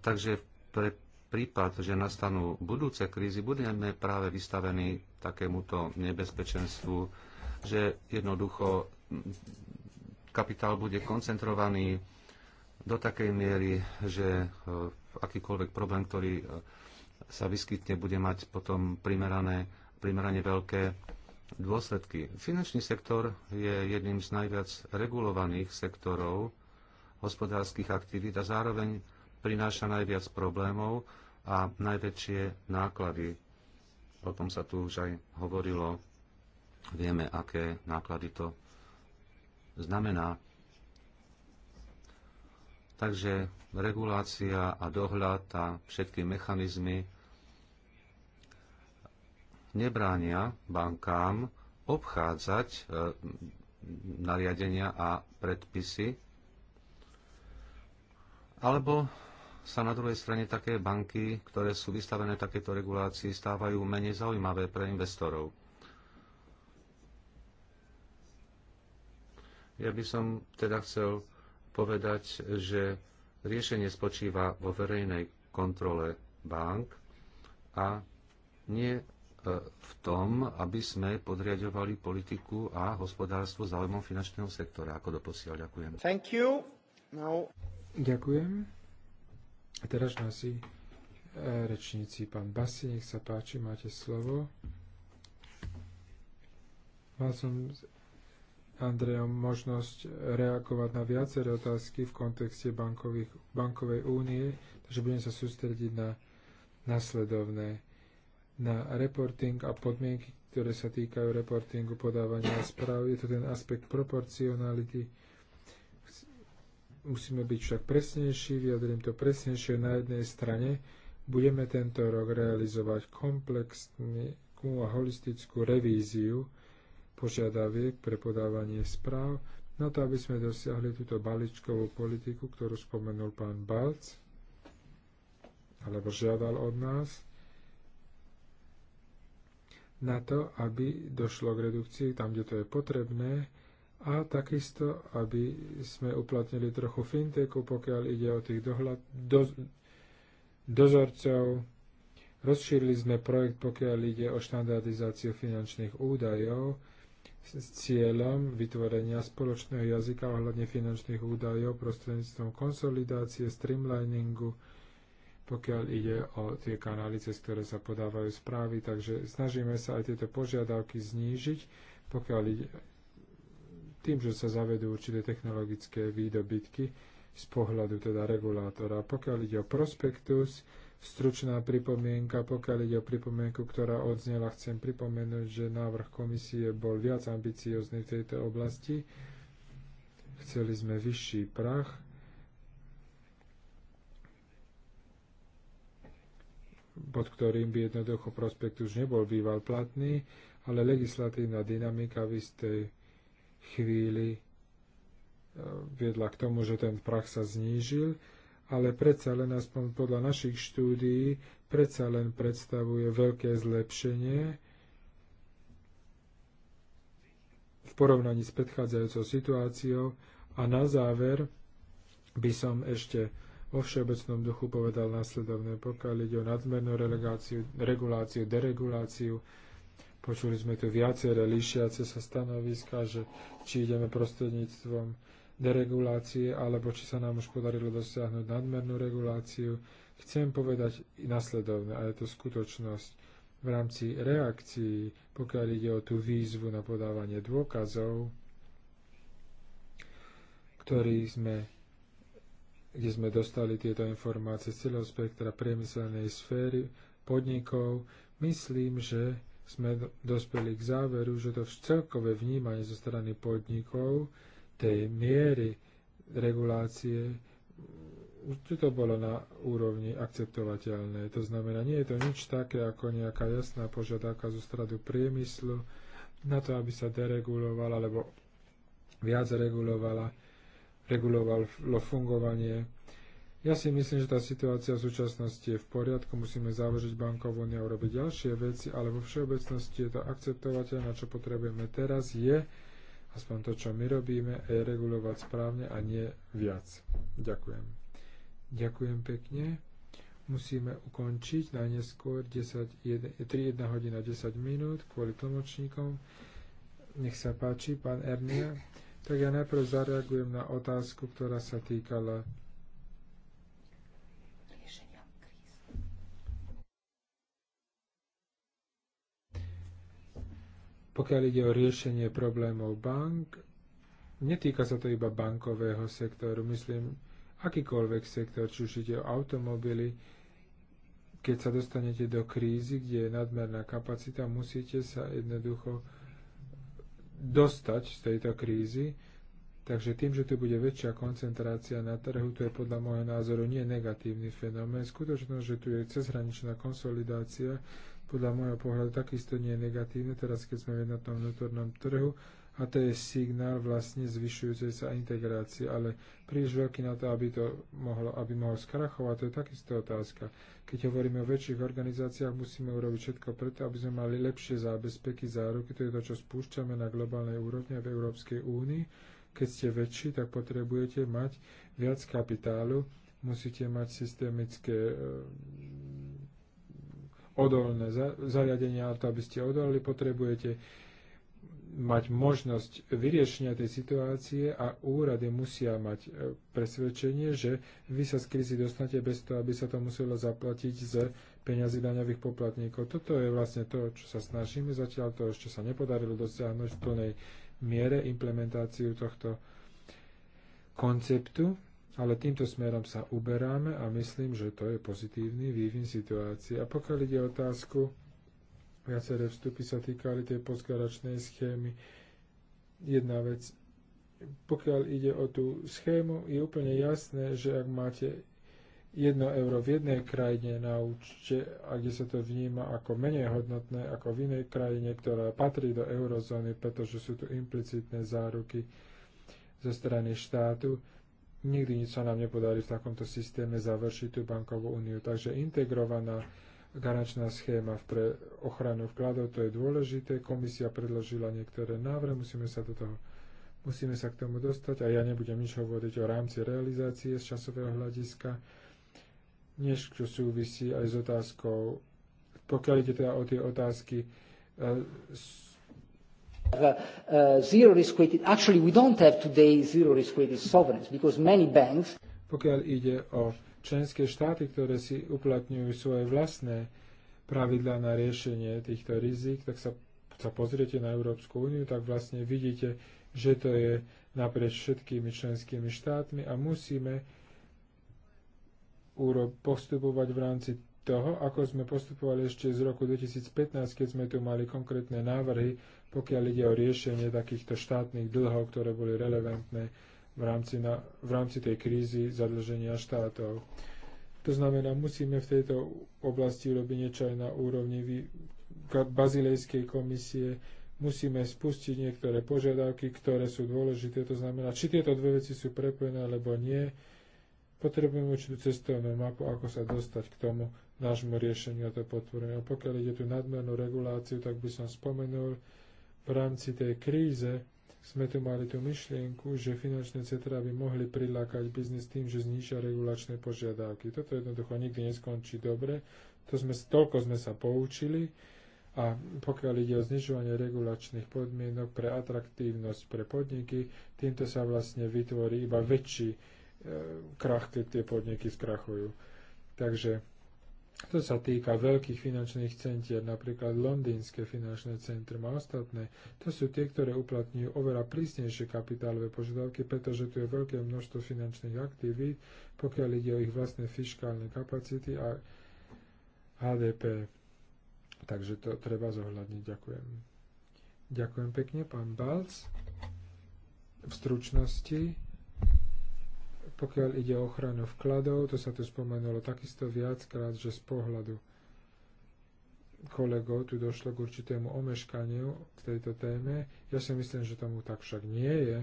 takže pre prípad, že nastanú budúce krízy, budeme práve vystavení takémuto nebezpečenstvu, že jednoducho kapitál bude koncentrovaný do takej miery, že e, akýkoľvek problém, ktorý e, sa vyskytne, bude mať potom primerané primerane veľké dôsledky. Finančný sektor je jedným z najviac regulovaných sektorov hospodárskych aktivít a zároveň prináša najviac problémov a najväčšie náklady. O tom sa tu už aj hovorilo. Vieme, aké náklady to znamená. Takže regulácia a dohľad a všetky mechanizmy, nebránia bankám obchádzať e, nariadenia a predpisy, alebo sa na druhej strane také banky, ktoré sú vystavené takéto regulácii, stávajú menej zaujímavé pre investorov. Ja by som teda chcel povedať, že riešenie spočíva vo verejnej kontrole bank a nie v tom, aby sme podriadovali politiku a hospodárstvo záujmom finančného sektora, ako doposiaľ. Ďakujem. Thank you. No. Ďakujem. A teraz si e, rečníci, pán Basi, nech sa páči, máte slovo. Mal som s Andrejom možnosť reagovať na viaceré otázky v kontexte bankovej únie, takže budem sa sústrediť na nasledovné na reporting a podmienky, ktoré sa týkajú reportingu podávania správ. Je to ten aspekt proporcionality. Musíme byť však presnejší, vyjadrím to presnejšie. Na jednej strane budeme tento rok realizovať komplexnú a holistickú revíziu požiadaviek pre podávanie správ, na to, aby sme dosiahli túto baličkovú politiku, ktorú spomenul pán Balc, alebo žiadal od nás na to, aby došlo k redukcii tam, kde to je potrebné a takisto, aby sme uplatnili trochu fintechu, pokiaľ ide o tých dohľad, do, dozorcov. Rozšírili sme projekt, pokiaľ ide o štandardizáciu finančných údajov s cieľom vytvorenia spoločného jazyka ohľadne finančných údajov prostredníctvom konsolidácie, streamliningu, pokiaľ ide o tie kanály, cez ktoré sa podávajú správy. Takže snažíme sa aj tieto požiadavky znížiť, pokiaľ ide tým, že sa zavedú určité technologické výdobytky z pohľadu teda regulátora. Pokiaľ ide o prospektus, stručná pripomienka, pokiaľ ide o pripomienku, ktorá odznela, chcem pripomenúť, že návrh komisie bol viac ambiciózny v tejto oblasti. Chceli sme vyšší prach pod ktorým by jednoducho prospekt už nebol býval platný, ale legislatívna dynamika v istej chvíli e, viedla k tomu, že ten prach sa znížil, ale predsa len aspoň podľa našich štúdií predsa len predstavuje veľké zlepšenie v porovnaní s predchádzajúcou situáciou. A na záver by som ešte vo všeobecnom duchu povedal následovné, pokiaľ ide o nadmernú relegáciu, reguláciu, dereguláciu, počuli sme tu viaceré líšiace sa stanoviska, že či ideme prostredníctvom deregulácie, alebo či sa nám už podarilo dosiahnuť nadmernú reguláciu. Chcem povedať nasledovne, a je to skutočnosť, v rámci reakcií, pokiaľ ide o tú výzvu na podávanie dôkazov, ktorý sme kde sme dostali tieto informácie z celého spektra priemyselnej sféry, podnikov, myslím, že sme dospeli k záveru, že to celkové vnímanie zo strany podnikov, tej miery regulácie, že to bolo na úrovni akceptovateľné. To znamená, nie je to nič také ako nejaká jasná požiadavka zo stradu priemyslu na to, aby sa deregulovala alebo viac regulovala regulovalo fungovanie. Ja si myslím, že tá situácia v súčasnosti je v poriadku, musíme záležiť bankovú a urobiť ďalšie veci, ale vo všeobecnosti je to akceptovateľné, čo potrebujeme teraz je, aspoň to, čo my robíme, je regulovať správne a nie viac. Ďakujem. Ďakujem pekne. Musíme ukončiť najneskôr 3,1 hodina 10 minút kvôli tlmočníkom. Nech sa páči, pán Ernia tak ja najprv zareagujem na otázku, ktorá sa týkala pokiaľ ide o riešenie problémov bank, netýka sa to iba bankového sektoru, myslím, akýkoľvek sektor, či už ide o automobily, keď sa dostanete do krízy, kde je nadmerná kapacita, musíte sa jednoducho dostať z tejto krízy. Takže tým, že tu bude väčšia koncentrácia na trhu, to je podľa môjho názoru nie negatívny fenomén. Skutočnosť, že tu je cezhraničná konsolidácia, podľa môjho pohľadu takisto nie je negatívne, teraz keď sme v jednotnom vnútornom trhu a to je signál vlastne zvyšujúcej sa integrácie, ale príliš veľký na to, aby to mohlo, aby mohol skrachovať, to je takisto otázka. Keď hovoríme o väčších organizáciách, musíme urobiť všetko preto, aby sme mali lepšie zábezpeky, záruky, to je to, čo spúšťame na globálnej úrovni a v Európskej únii. Keď ste väčší, tak potrebujete mať viac kapitálu, musíte mať systemické eh, odolné zariadenia, to, aby ste odolali, potrebujete mať možnosť vyriešenia tej situácie a úrady musia mať e, presvedčenie, že vy sa z krízy dostanete bez toho, aby sa to muselo zaplatiť z peňazí daňových poplatníkov. Toto je vlastne to, čo sa snažíme. Zatiaľ to ešte sa nepodarilo dosiahnuť v plnej miere implementáciu tohto konceptu, ale týmto smerom sa uberáme a myslím, že to je pozitívny vývin situácie. A pokiaľ ide o otázku, Viaceré vstupy sa týkali tej postgaračnej schémy. Jedna vec, pokiaľ ide o tú schému, je úplne jasné, že ak máte 1 euro v jednej krajine na účte a kde sa to vníma ako menej hodnotné ako v inej krajine, ktorá patrí do eurozóny, pretože sú tu implicitné záruky zo strany štátu, nikdy nič sa nám nepodarí v takomto systéme završiť tú bankovú úniu. Takže integrovaná garančná schéma pre ochranu vkladov, to je dôležité. Komisia predložila niektoré návrhy, musíme sa do toho musíme sa k tomu dostať a ja nebudem nič hovoriť o rámci realizácie z časového hľadiska, než čo súvisí aj s otázkou, pokiaľ ide teda o tie otázky e, uh, uh, zero risk weighted, actually we don't have today zero risk weighted sovereigns because many banks pokiaľ ide o členské štáty, ktoré si uplatňujú svoje vlastné pravidlá na riešenie týchto rizik, tak sa, sa pozriete na Európsku úniu, tak vlastne vidíte, že to je naprieč všetkými členskými štátmi a musíme postupovať v rámci toho, ako sme postupovali ešte z roku 2015, keď sme tu mali konkrétne návrhy, pokiaľ ide o riešenie takýchto štátnych dlhov, ktoré boli relevantné v rámci, na, v rámci tej krízy zadlženia štátov. To znamená, musíme v tejto oblasti robiť niečo aj na úrovni Bazilejskej komisie, musíme spustiť niektoré požiadavky, ktoré sú dôležité. To znamená, či tieto dve veci sú prepojené alebo nie. Potrebujeme určitú cestovnú mapu, ako sa dostať k tomu nášmu riešeniu a to A Pokiaľ ide tu nadmernú reguláciu, tak by som spomenul, v rámci tej kríze sme tu mali tú myšlienku, že finančné centra by mohli prilákať biznis tým, že znižia regulačné požiadavky. Toto jednoducho nikdy neskončí dobre. To sme, toľko sme sa poučili a pokiaľ ide o znižovanie regulačných podmienok pre atraktívnosť pre podniky, týmto sa vlastne vytvorí iba väčší e, krach, keď tie podniky skrachujú. Takže to sa týka veľkých finančných centier, napríklad londýnske finančné centrum a ostatné. To sú tie, ktoré uplatňujú oveľa prísnejšie kapitálové požiadavky, pretože tu je veľké množstvo finančných aktivít, pokiaľ ide o ich vlastné fiskálne kapacity a HDP. Takže to treba zohľadniť. Ďakujem. Ďakujem pekne, pán Balc. V stručnosti pokiaľ ide o ochranu vkladov, to sa tu spomenulo takisto viackrát, že z pohľadu kolegov tu došlo k určitému omeškaniu k tejto téme. Ja si myslím, že tomu tak však nie je,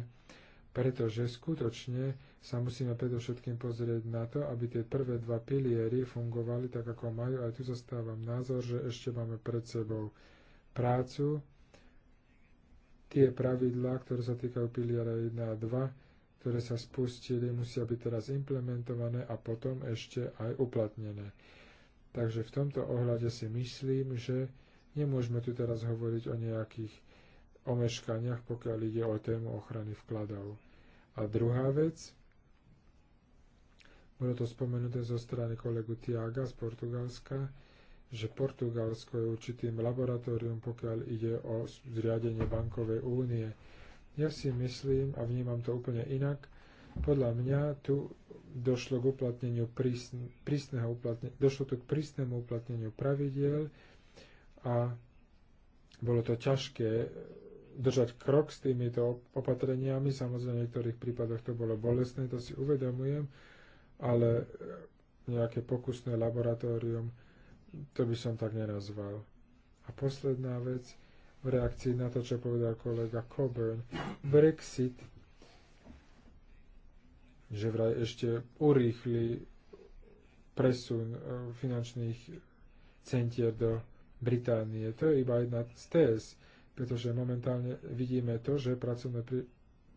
pretože skutočne sa musíme predovšetkým pozrieť na to, aby tie prvé dva piliery fungovali tak, ako majú. Aj tu zastávam názor, že ešte máme pred sebou prácu. Tie pravidlá, ktoré sa týkajú piliera 1 a 2, ktoré sa spustili, musia byť teraz implementované a potom ešte aj uplatnené. Takže v tomto ohľade si myslím, že nemôžeme tu teraz hovoriť o nejakých omeškaniach, pokiaľ ide o tému ochrany vkladov. A druhá vec, bolo to spomenuté zo strany kolegu Tiaga z Portugalska, že Portugalsko je určitým laboratórium, pokiaľ ide o zriadenie bankovej únie ja si myslím, a vnímam to úplne inak, podľa mňa tu došlo k uplatneniu prísne, prísneho uplatne, došlo tu k prísnemu uplatneniu pravidiel a bolo to ťažké držať krok s týmito opatreniami. Samozrejme, v niektorých prípadoch to bolo bolestné, to si uvedomujem, ale nejaké pokusné laboratórium, to by som tak nenazval. A posledná vec, reakcii na to, čo povedal kolega Coburn. Brexit, že vraj ešte urýchli presun e, finančných centier do Británie. To je iba jedna z téz, pretože momentálne vidíme to, že pracovné,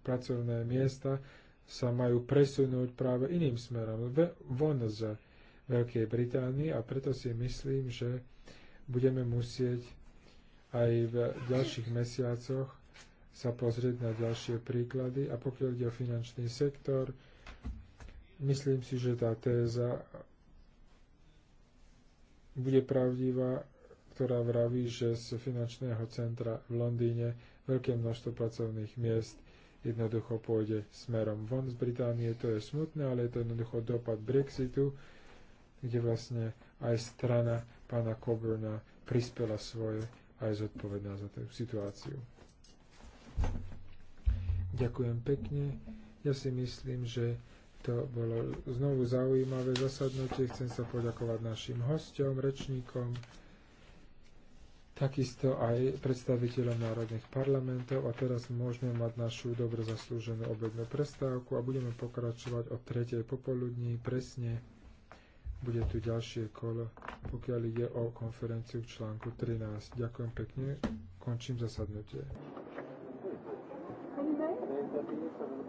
pracovné miesta sa majú presunúť práve iným smerom, von z Veľkej Británie a preto si myslím, že budeme musieť aj v ďalších mesiacoch sa pozrieť na ďalšie príklady. A pokiaľ ide o finančný sektor, myslím si, že tá téza bude pravdivá, ktorá vraví, že z finančného centra v Londýne veľké množstvo pracovných miest jednoducho pôjde smerom von z Británie. To je smutné, ale je to jednoducho dopad Brexitu, kde vlastne aj strana pána Coburna prispela svoje a je zodpovedná za tú situáciu. Ďakujem pekne. Ja si myslím, že to bolo znovu zaujímavé zasadnutie. Chcem sa poďakovať našim hostom, rečníkom, takisto aj predstaviteľom národných parlamentov. A teraz môžeme mať našu dobre zaslúženú obednú prestávku a budeme pokračovať o tretej popoludní presne bude tu ďalšie kolo, pokiaľ ide o konferenciu v článku 13. Ďakujem pekne, končím zasadnutie.